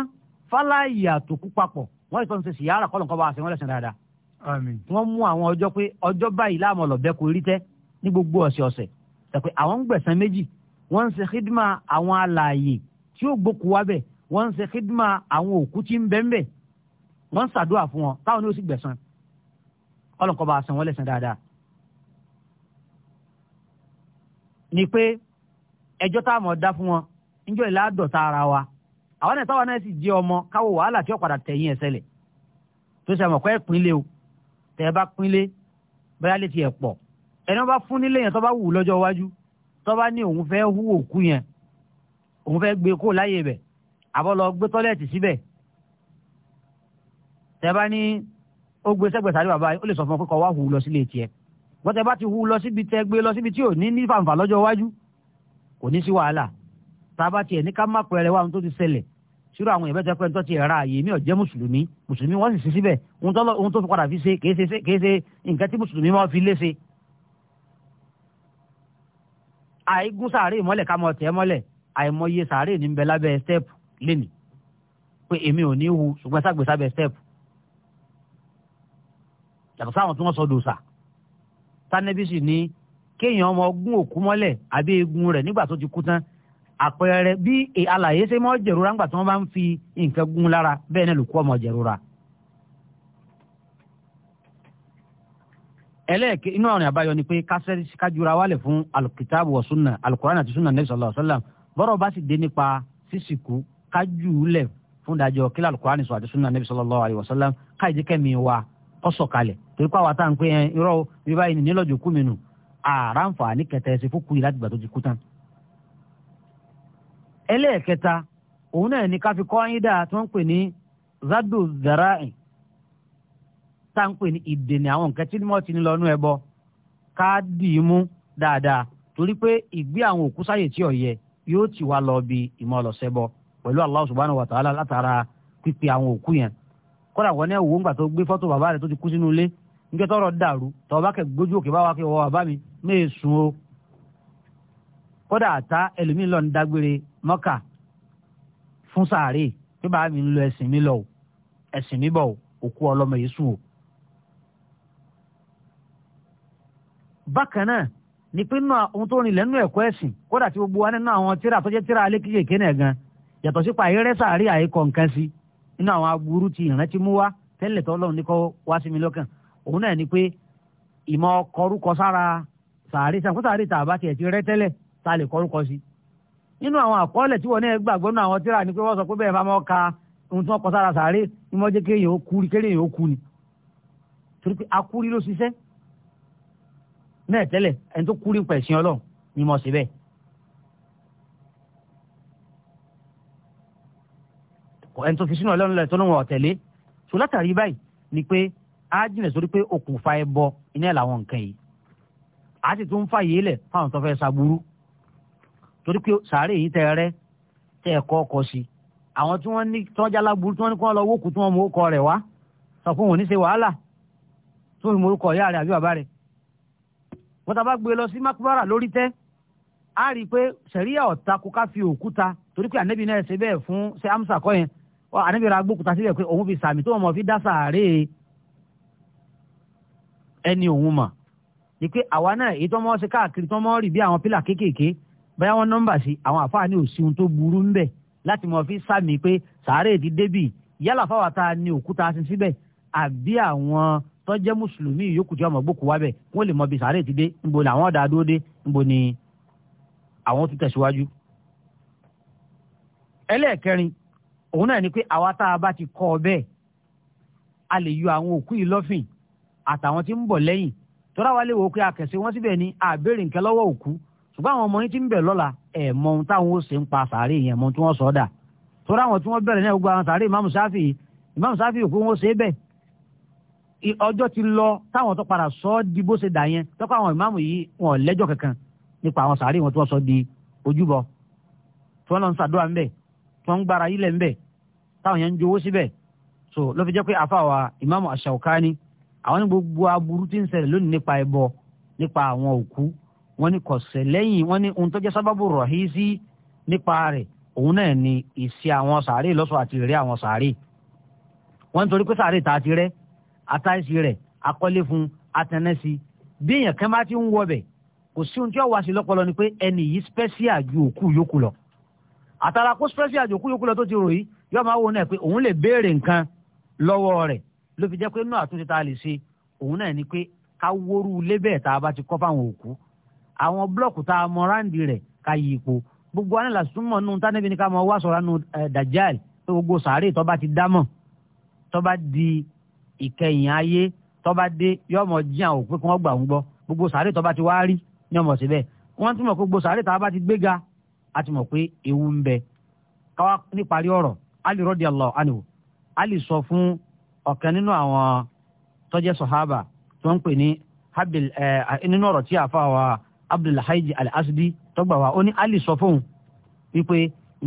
[SPEAKER 3] fáláyà tó kú papọ̀ wọ́n ti tọ́ ń ṣe síyára kọ́ àmín wọ́n mú àwọn ọjọ́ pé ọjọ́ báyìí láàmú ọlọ́bẹ kò rí tẹ́ ní gbogbo ọ̀sẹ̀ ọ̀sẹ̀ tẹ̀pẹ́ àwọn ń gbẹ̀sán méjì wọ́n ń ṣe xidima àwọn alààyè tí ó gbókù wá bẹ̀ wọ́n ń ṣe xidima àwọn òkú tí ń bẹ́ ń bẹ̀ wọ́n ń ṣàdúrà fún wọn táwọn ní o sì gbẹ̀sán ọlọ́nkọ́ bá san wọ́n lẹ́sàn dáadáa. ni pé ẹjọ́ tá a mọ̀ dá fún wọn níjọ́ ìlà àdọ̀ta ara wa àwọn ẹ̀ táwọn náà sì jẹ́ ọmọ káwọ wàhálà tí ó padà tẹ̀yìn ẹ̀sẹ̀ lẹ̀ tó ṣe àmọ̀kọ́ ẹ̀pínlẹ̀ o tẹ ẹ bá pínlé bóyá lè tiẹ̀ pọ̀ ẹni wọn bá fún nílé yẹn tó bá wù lọ́jọ́ iwájú tó bá ní òun fẹ́ hu òkú yẹn òun fẹ́ gbé kó láyè bẹ̀ àbọ̀ lọ gbé tọ́lẹ̀tì síbẹ̀ tẹ bá ní ó gbé sẹ́gbẹ̀sáré bàbá yìí ó lè sọ fún ọ pé kọ́ wá hu lọ sílé tiẹ̀ bọ́tẹ bá ti hu lọ síbi tẹ gbé lọ síbi tí ò ní ní fàǹfà lọ́jọ́ iwájú kò ní sí wàhálà tá a bá tiẹ̀ ní ká má pẹ̀rẹ̀ wà tó ti ṣẹlẹ̀ sírò àwọn ìbẹ́tẹ̀ pẹ́ tó ti ẹ̀ra àyè mi ò jẹ́ mùsùlùmí mùsùlùmí wọ́n sì ṣe síbẹ̀ ohun tó fi padà fi ṣe kìí ṣe kìí ṣe nǹkan tí mùsùlùmí máa fi léṣe. àìgún sàárè mọ́lẹ̀ ká mọ̀ tẹ́ mọ́lẹ̀ àìmọye sàárè ní bẹ lábẹ́ step lẹ́nì pé èmi ò ní hu ṣùgbọ́n sàgbé sábẹ́ step. yàtọ̀ sáwọn tí wọ́n sọ dòṣà tánẹ́bí sì ní kéèyàn ọmọ ogún òkú mọ́lẹ̀ àbí eegun rẹ̀ nígbà tó ti kú tán àpẹẹrẹ bí àlàyé ṣe mọ́ jẹ̀rora ńgbà tí wọ́n bá ń fi nǹkan gún lára bẹ́ẹ̀ náà lòkú ọmọ jẹ̀rora. ẹlẹ́ẹ̀kẹ́ inú ọ̀rìn àbáyọ ni pé kásẹ́rì kájúra wálẹ̀ fún alukitaabu wa sunna alukurana àti sunna nebi sallallahu alayhi wa sallam bọ́rọ̀ bá sì dé nípa sísìkú kájú lẹ̀ fún dájọ́ kílà alukurana sọ àti sunna nebi sallallahu alayhi wa sallam káyìí kẹ́mi wa kọ́sọ̀ kalẹ̀ torí pé àwa tá à ń pè é irọ́ bíbá yìí nílọ́jọ́ kú mi nù àrà ń fà á ní kẹtẹ́ ẹsẹ̀ fún kúyì láti gbà tó ti kú tán. ẹlẹ́ẹ̀kẹta òun náà ní ká fi kọ́ ayídá tí wọ́n ń pè ní zadu zara'i tá à ń pè ní ìdènà àwọn nǹkan tí wọ́n ti ní lọ́nú ẹbọ ká dì í mú dáadáa torí pé ìgbé àwọn òkú sáyè tí ò yóò ti wá lọ bí pẹ̀lú wa ta'ala látara pípe àwọn òkú yẹn kódà wọn náà wò ó tó gbé fọ́tò bàbá rẹ̀ tó ti kú sínú mi o kódà mọ́kà fún sàárè pé bàbá mi ń lo ẹ̀sìn mi lọ o ẹ̀sìn mi bọ̀ o òkú ọlọ́mọ yìí sùn o. bákan náà ni pé nínú ohun tó rìn lẹ́nu ẹ̀kọ́ ẹ̀sìn kódà tí gbogbo wa nínú àwọn tíra tó jẹ́ tíra alẹ́ kéékèèké náà gan yàtọ̀ sípa ayẹ́rẹ́ sàárè nǹkan sí nínú àwọn ti ìrántí mú wá tẹ́lẹ̀ tó lọ́run wá sí mi lọ́kàn òun náà ni pé ìmọ̀ nínú àwọn àkọọ́lẹ̀ tí wọ́n ní gbàgbọ́ nínú àwọn tíra ni pé wọ́n sọ pé bẹ́ẹ̀ bá mọ́ ka ohun tí wọ́n kọ sára sàárè ni wọ́n jẹ́ kéèyàn ó kúri kéèyàn ó kú ni torí pé akúri ló ṣiṣẹ́ náà tẹ́lẹ̀ ẹni tó kúri pẹ̀ sí ọlọ́run ni mo ṣe bẹ́ẹ̀. ẹni tó fi sínú ọlọ́run lẹ̀ tó lóun ọ̀tẹ̀lé tó látàrí báyìí ni pé á jìnà sórí pé okùnfà ẹbọ iná làwọn nǹkan yìí á sì tún torí pé sàárè yìí tẹ rẹ tẹ ẹkọ ọkọ sí àwọn tí wọ́n ní tọjálá burú tí wọ́n ní kí wọ́n lọ wókù tí wọ́n mú orúkọ rẹ̀ wá sọ fún òun ní ṣe wàhálà tí wọ́n mú orúkọ ìyá rẹ̀ àbí bàbá rẹ̀ wọ́n tá bá gbé lọ sí makubara lórí tẹ́ á rí i pé sẹ̀ríyà ọ̀tá kó ká fi òkúta torí pé ànẹ́bí náà ṣe bẹ́ẹ̀ fún ṣe amsa kọ́ yẹn ànẹ́bí ra gbókúta sílẹ̀ pé òun fi sàmì tó mọ̀ fi dá sàárè ẹni òun mọ̀ ni pé àwa náà èyí tó mọ́ ṣe káàkiri tó mọ́ rì bí àwọn pílà kéékèèké bóyá wọ́n nọ́mbà sí àwọn àfáà ní òsì ohun tó burú ń bẹ̀ láti mọ̀ fi sàmì pé sàárè ti débì yálà fáwọn tá a ní òkúta sí síbẹ̀ àbí àwọn tó jẹ́ mùsùlùmí yòókù tí ọmọ gbókùú wá bẹ̀ wọ́n lè mọ bí sàárè ti dé níbo ni àwọn ọ̀dà dúró dé níbo ni àwọn tún tẹ̀síwájú. ẹlẹ́ẹ̀kẹrin òun náà ni pé àwa tá a bá ti kọ́ ọ bẹ́ẹ̀ a lè yọ àwọn òkú yìí lọ́fìn àtàwọn tí ń bọ̀ lẹ́yìn tọ́lá wa lè wò ó pé akẹ̀sẹ̀ wọn síbẹ̀ ni àbẹ̀rẹ̀ nǹkan lọ́wọ́ òkú ṣùgbọ́n àwọn ọmọ yín ti ń bẹ̀ lọ́la ẹ̀ mọ ohun táwọn ó ṣe ń pa sàárè yẹn mọ tí wọ́n sọ ọ́ dà torí àwọn tí wọ́n bẹ̀rẹ̀ náà gbogbo àwọn sàárè ìmáàmù sáfì ìmáàmù sáfì òkú wọn ṣe é bẹ́ẹ̀ ọjọ́ ti lọ táwọn tó padà sọ ọ́ di bó ṣe dà yẹn tọ́kọ́ àwọn ìmáàmù yìí wọn lẹ́jọ́ kankan nípa àwọn sàárè wọn tí wọ́n sọ di ojúbọ tí wọ́n lọ ń ṣàdúrà ńbẹ̀ tí wọ́n ń gbára ilẹ̀ ńbẹ̀ táwọn yẹn ń jowó síbẹ̀ so ló fi jẹ́ pé àfàwà ìmáàmù Ash-Shawkani àwọn ní gbogbo aburú ti ń ṣẹlẹ̀ lónìí nípa ẹbọ nípa àwọn òkú wọ́n ní kọ̀sẹ̀ lẹ́yìn wọ́n ní ohun tó jẹ́ sábàbù rọ̀híìsì nípa rẹ̀ òun náà ni ìsì àwọn sàárè lọ́sọ̀ àti ìrẹ́ àwọn sàárè wọ́n nítorí pé sàárè tá a ti rẹ́ atáìsì rẹ̀ akọ́lé fún atẹnẹ́sì bí èèyàn kan bá ti ń wọbẹ̀ kò sí ohun tí wọ́n sí lọ́pọlọ ni pé ẹnì yìí spẹ́ṣíà ju òkú yòókù lọ àtàrà kó spẹ́ṣíà ju òkú yòókù lọ tó ti rò yìí yóò máa wò náà pé òun lè àwọn blọọkù tá a mọ ráǹdì rẹ̀ ká yí ipò gbogbo wa ní la súnmọ́ nù tánẹ́bí ni ká mọ wá sọ̀rọ̀ nù dajjal pé gbogbo sàárè tó bá ti dámọ̀ tó bá di ìkẹyìn ayé tó bá dé yọmọ jíàn ò pé kí wọ́n gbà ń gbọ́ gbogbo sàárè tó bá ti wá rí yọmọ síbẹ̀ wọ́n ti mọ̀ pé gbogbo sàárè tá a bá ti gbéga a ti mọ̀ pé ewu ń bẹ káwá níparí ọ̀rọ̀ Ali radiyallahu anhu Ali sọ fún ọ̀kan nínú àwọn tọ́jẹ́ sọ̀hábà tó ń pè ní habil ẹ̀ nínú ọ̀rọ̀ tí àfa wa abdulhaji al-asdi tọgbà wa ó ní ali sọ fóun wípé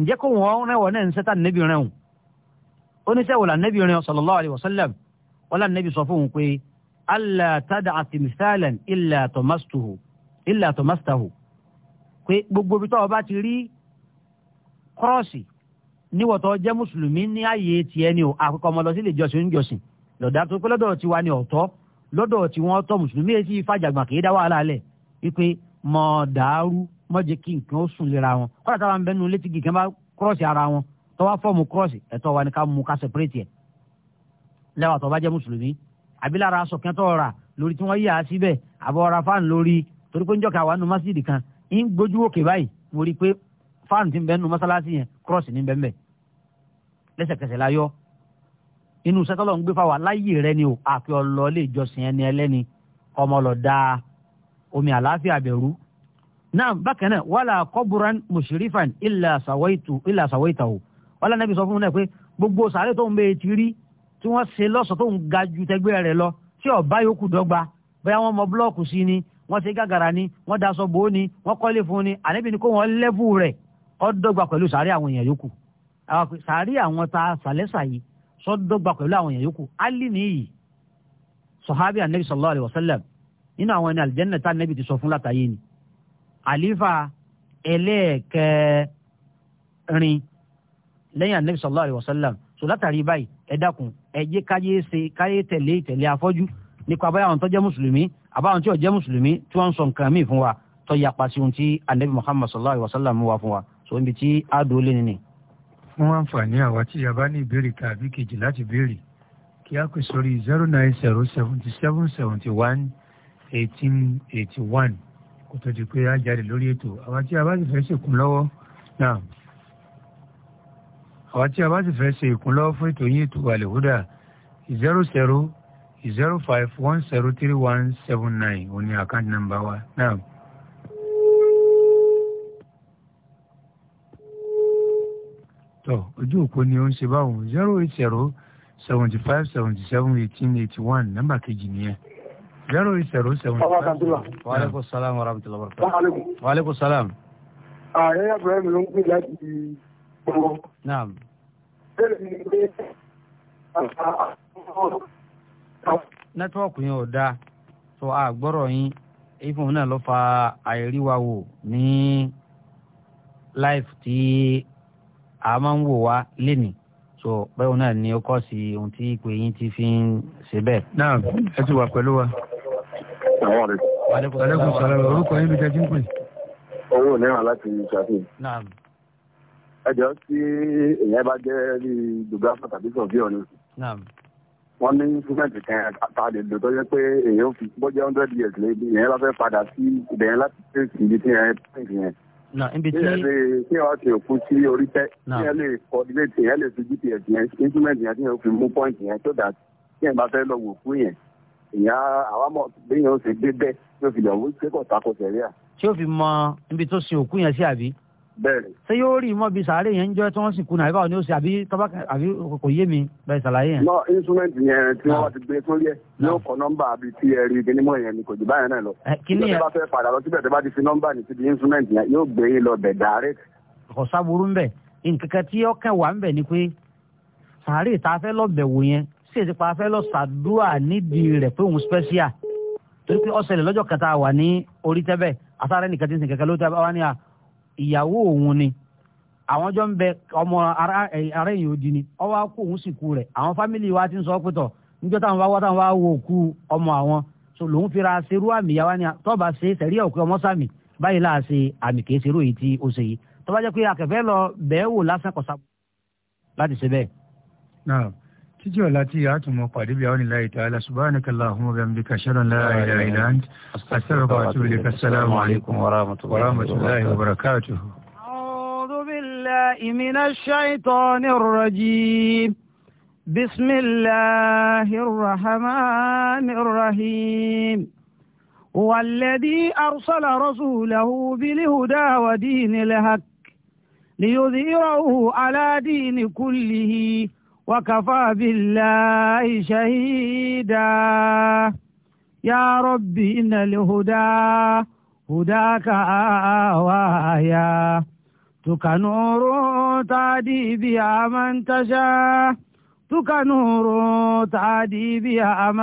[SPEAKER 3] ǹjẹ́ kó wọ́n rẹ̀wọ̀ náà ń sẹ́tà nẹ́bí rẹ̀ hùn ó ní sẹ́wọ̀lá nẹ́bí rẹ̀ sallallahu alaihi wasallam wọ́n lá nẹ́bí sọ fóun pé alla tad'a timthalan illa tamastuhu illa tamastahu pé gbogbo ibi tó o bá ti rí kọ́ọ̀sì níwọ̀tọ̀ jẹ́ mùsùlùmí ní ààyè tiẹ̀ ni o àkókò ọmọ lọ sí ilé ìjọsìn lọ́dà tó pé lọ́dọ̀ tiwa ni ọ̀tọ̀ lọ́dọ̀ tiwọn ọ̀tọ̀ mùsùlùmí èsì ìfàjàgbọ̀n kì í dá wàhálà lẹ̀ wípé mọ dàrú mọ jẹ kí nǹkan ó sùn lera wọn kọ́ra táwa ń bẹnu létí kìkan bá kírọ́ọ̀sì ara wọn tọ́wá fọ́ọ̀mù kírọ́ọ̀sì ẹ̀tọ́ wa ni ká mú ká sẹpẹrẹtì ẹ̀ lẹ́wà tó bá jẹ́ mùsùlùmí àbílára aṣọ kẹtọ́ ra lórí tí wọ́n yà á síbẹ̀ àbọ̀ ra fáànù lórí torí pé ń jọ́ka wà kan ń gbójú òkè báyìí mo rí pé fáànù ti ń bẹ nù mọ́sálásí la yọ inú sẹ́tọ́lọ́ ń gbé fáwọn ni o àfi omi àlàáfíà bẹ̀rù náà bákan náà wàlà kọ́buran mushrifan illa sawaitu illa sawaitahu wàlà nàbí sọ fún mi náà pé gbogbo sàárè tó ń bẹ ti rí tí wọ́n ṣe lọ́sọ̀ tó ń ga ju tẹgbẹ́ rẹ̀ lọ tí ọ̀bá yòókù dọ́gba bóyá wọ́n mọ búlọ́ọ̀kù sí ni wọ́n ṣe gàgàrà ni wọ́n daṣọ bò ó ni wọ́n kọ́lé fún ni àníbi ni kó wọ́n lẹ́bù rẹ̀ ó dọ́gba pẹ̀lú sàárè àwọn èèyàn yòókù sàárè àwọn ta sàlẹ́sà yìí sọ dọ́gba pẹ̀lú àwọn èèyàn yòókù alì nìyí sọ̀hábì ànábì sallallahu alaihi wasallam nínú àwọn ẹni àlìjẹ́nà tá nẹ́bí ti sọ fún látàyè ni àlífà ẹlẹ́ẹ̀kẹrin lẹ́yìn ànẹ́bí sallallahu alaihi wasallam so látàrí báyìí ẹ dákun ẹ jẹ́ káyé ṣe káyé tẹ̀lé ìtẹ̀lé afọ́jú nípa báyà àwọn tó jẹ́ mùsùlùmí àbáwọn tí ò jẹ́ mùsùlùmí tí wọ́n ń sọ nǹkan míì fún wa tó yapa sí ohun tí ànẹ́bí Muhammad sallallahu alaihi wasallam wà fún wa so ibi tí á dúró lé nìyí.
[SPEAKER 2] fún àǹfààní àwa tí a ní ìbéèrè tàbí kejì láti béèrè kí a pè sórí zero nine zero seventy seven seventy one 1881. eighty one kó tó di pé a jáde lórí ètò àwa tí a bá sì fẹ́ ṣèkún lọ́wọ́ náà àwa tí a bá sì fẹ́ ṣe ìkún lọ́wọ́ fún ètò yín ètò àlèhúdà zero zero àkáǹtì nàmbà wa náà. tọ ojú òpó ni ó ń ṣe báwọn zero nàmbà kejì nìyẹn zero eight
[SPEAKER 3] zero seven. ọba kantula. waaleykum salaam wa rahmatulah wa barakatuh. waaleykum salaam.
[SPEAKER 1] aa ah, yẹ́n abúlé mi ló ń pè láti gbogbo. naam. bẹ́ẹ̀ ni pé
[SPEAKER 3] nẹ́tíwọ́ọ̀kì yẹn ò dáa tó a gbọ́rọ̀ yín ifun náà life tí a máa ń wò wá lénìí so bẹ́ẹ̀ náà ni ó kọ́ sí ohun tí ìpè yín ti fi ń ṣe bẹ́ẹ̀. náà ẹ ti wà pẹ̀lú wa. Àwọn ọ̀rẹ́. Alẹ́kùn sọ̀rọ̀ rẹ̀ orúkọ yín ló jẹ́ jí ń pè.
[SPEAKER 2] Owó náírà láti ṣàfihàn. Ẹ jọ tí èèyàn bá jẹ́ rí Dùgbàfọ̀ tàbí Sọ̀bíọ̀ ni. Wọ́n ní sísẹ́ǹtì kan àtàdé lò tó yẹ pé èèyàn fi bọ́jẹ́ hundred years lé èèyàn bá fẹ́ padà sí ibẹ̀yẹn láti tẹ̀sí ibi tí èèyàn pẹ̀lú yẹn. Ibi tí kí wọ́n ti òkú sí orí tẹ́ kí ẹ lè kọ ilé tí èèyàn lè fi GPS yẹn instrument yẹn tí èèyàn fi mú point yẹn tó dà tí èèyàn bá fẹ́ lọ wò fún yẹn ìyá àwámọ̀ bíyàn ó ṣe gbé bẹ́ẹ̀ tí ó fi lọ́wọ́ ṣé kò tako sẹ̀ríà.
[SPEAKER 3] tí ó fi mọ ibi tó sin òkú yẹn sí àbí. bẹ́ẹ̀ni. ṣé yóò rí mọ bí sàárè yẹn ń jọ tí wọn sì kunà ìbáwọ ni ó ṣe àbí tọba àbí kò yé mi bẹ́ẹ̀ ṣàlàyé yẹn. náà
[SPEAKER 2] instrument yẹn tí wọn ah. ti gbé sórí ẹ ah. yóò kọ nọ́mbà àbí tí ẹ rí gẹnimọ yẹn ni kò jù báyẹn náà lọ. Eh, kíni yẹn. tí fẹ́ padà lọ síbẹ̀ tó bá ti fi nọ́mbà ní síbi instrument yẹn yóò gbé yín lọ bẹ̀
[SPEAKER 3] dàrẹ́. kò sábúrú ń bẹ̀ nǹkan kan tí ọkàn wà ń bẹ̀ ni pé sàárè tá fẹ́ lọ bẹ̀ wò yẹn sì èsì pa afẹ́ lọ sàdúà nídìí rẹ̀ pé òun special torí pé ọ̀sẹ̀lẹ̀ lọ́jọ́ kẹta wà ní orí tẹ́bẹ̀ àtàrà ẹnìkan ti ń sìn kẹ̀kẹ́ ló tẹ́bẹ̀ wá ní à ìyàwó òun ni àwọn jọ ń bẹ ọmọ ara èèyàn òdì ni ọwọ́ akó òun sì kú rẹ̀ àwọn fámìlì wa ti ń sọ pé tọ̀ níjọ́ táwọn bá wá táwọn bá wo òkú ọmọ àwọn so lòun fira serú àmì ìyàwó ni tọ́ba ṣe sẹ̀rí òkú ọmọ sàmì báyìí láà ṣe àmì kìí serú èyí tí ó ṣe yìí tọ́ba jẹ́ pé akẹ́fẹ́ lọ bẹ́ẹ̀ wò lásán kọ̀sá láti ṣe bẹ́ẹ̀.
[SPEAKER 2] تجي ولا تيا ثم قادي بيان الله تعالى سبحانك اللهم وبحمدك اشهد لا اله الا انت استغفرك واتوب اليك السلام عليكم ورحمه الله وبركاته
[SPEAKER 1] اعوذ بالله من الشيطان الرجيم بسم الله الرحمن الرحيم والذي ارسل رسوله بالهدى ودين الحق ليظهره على دين كله وكفى بالله شهيدا يا ربي إن الهدى هداك آوايا تك نور تعدي بها من تشاء تك نور تعدي بها من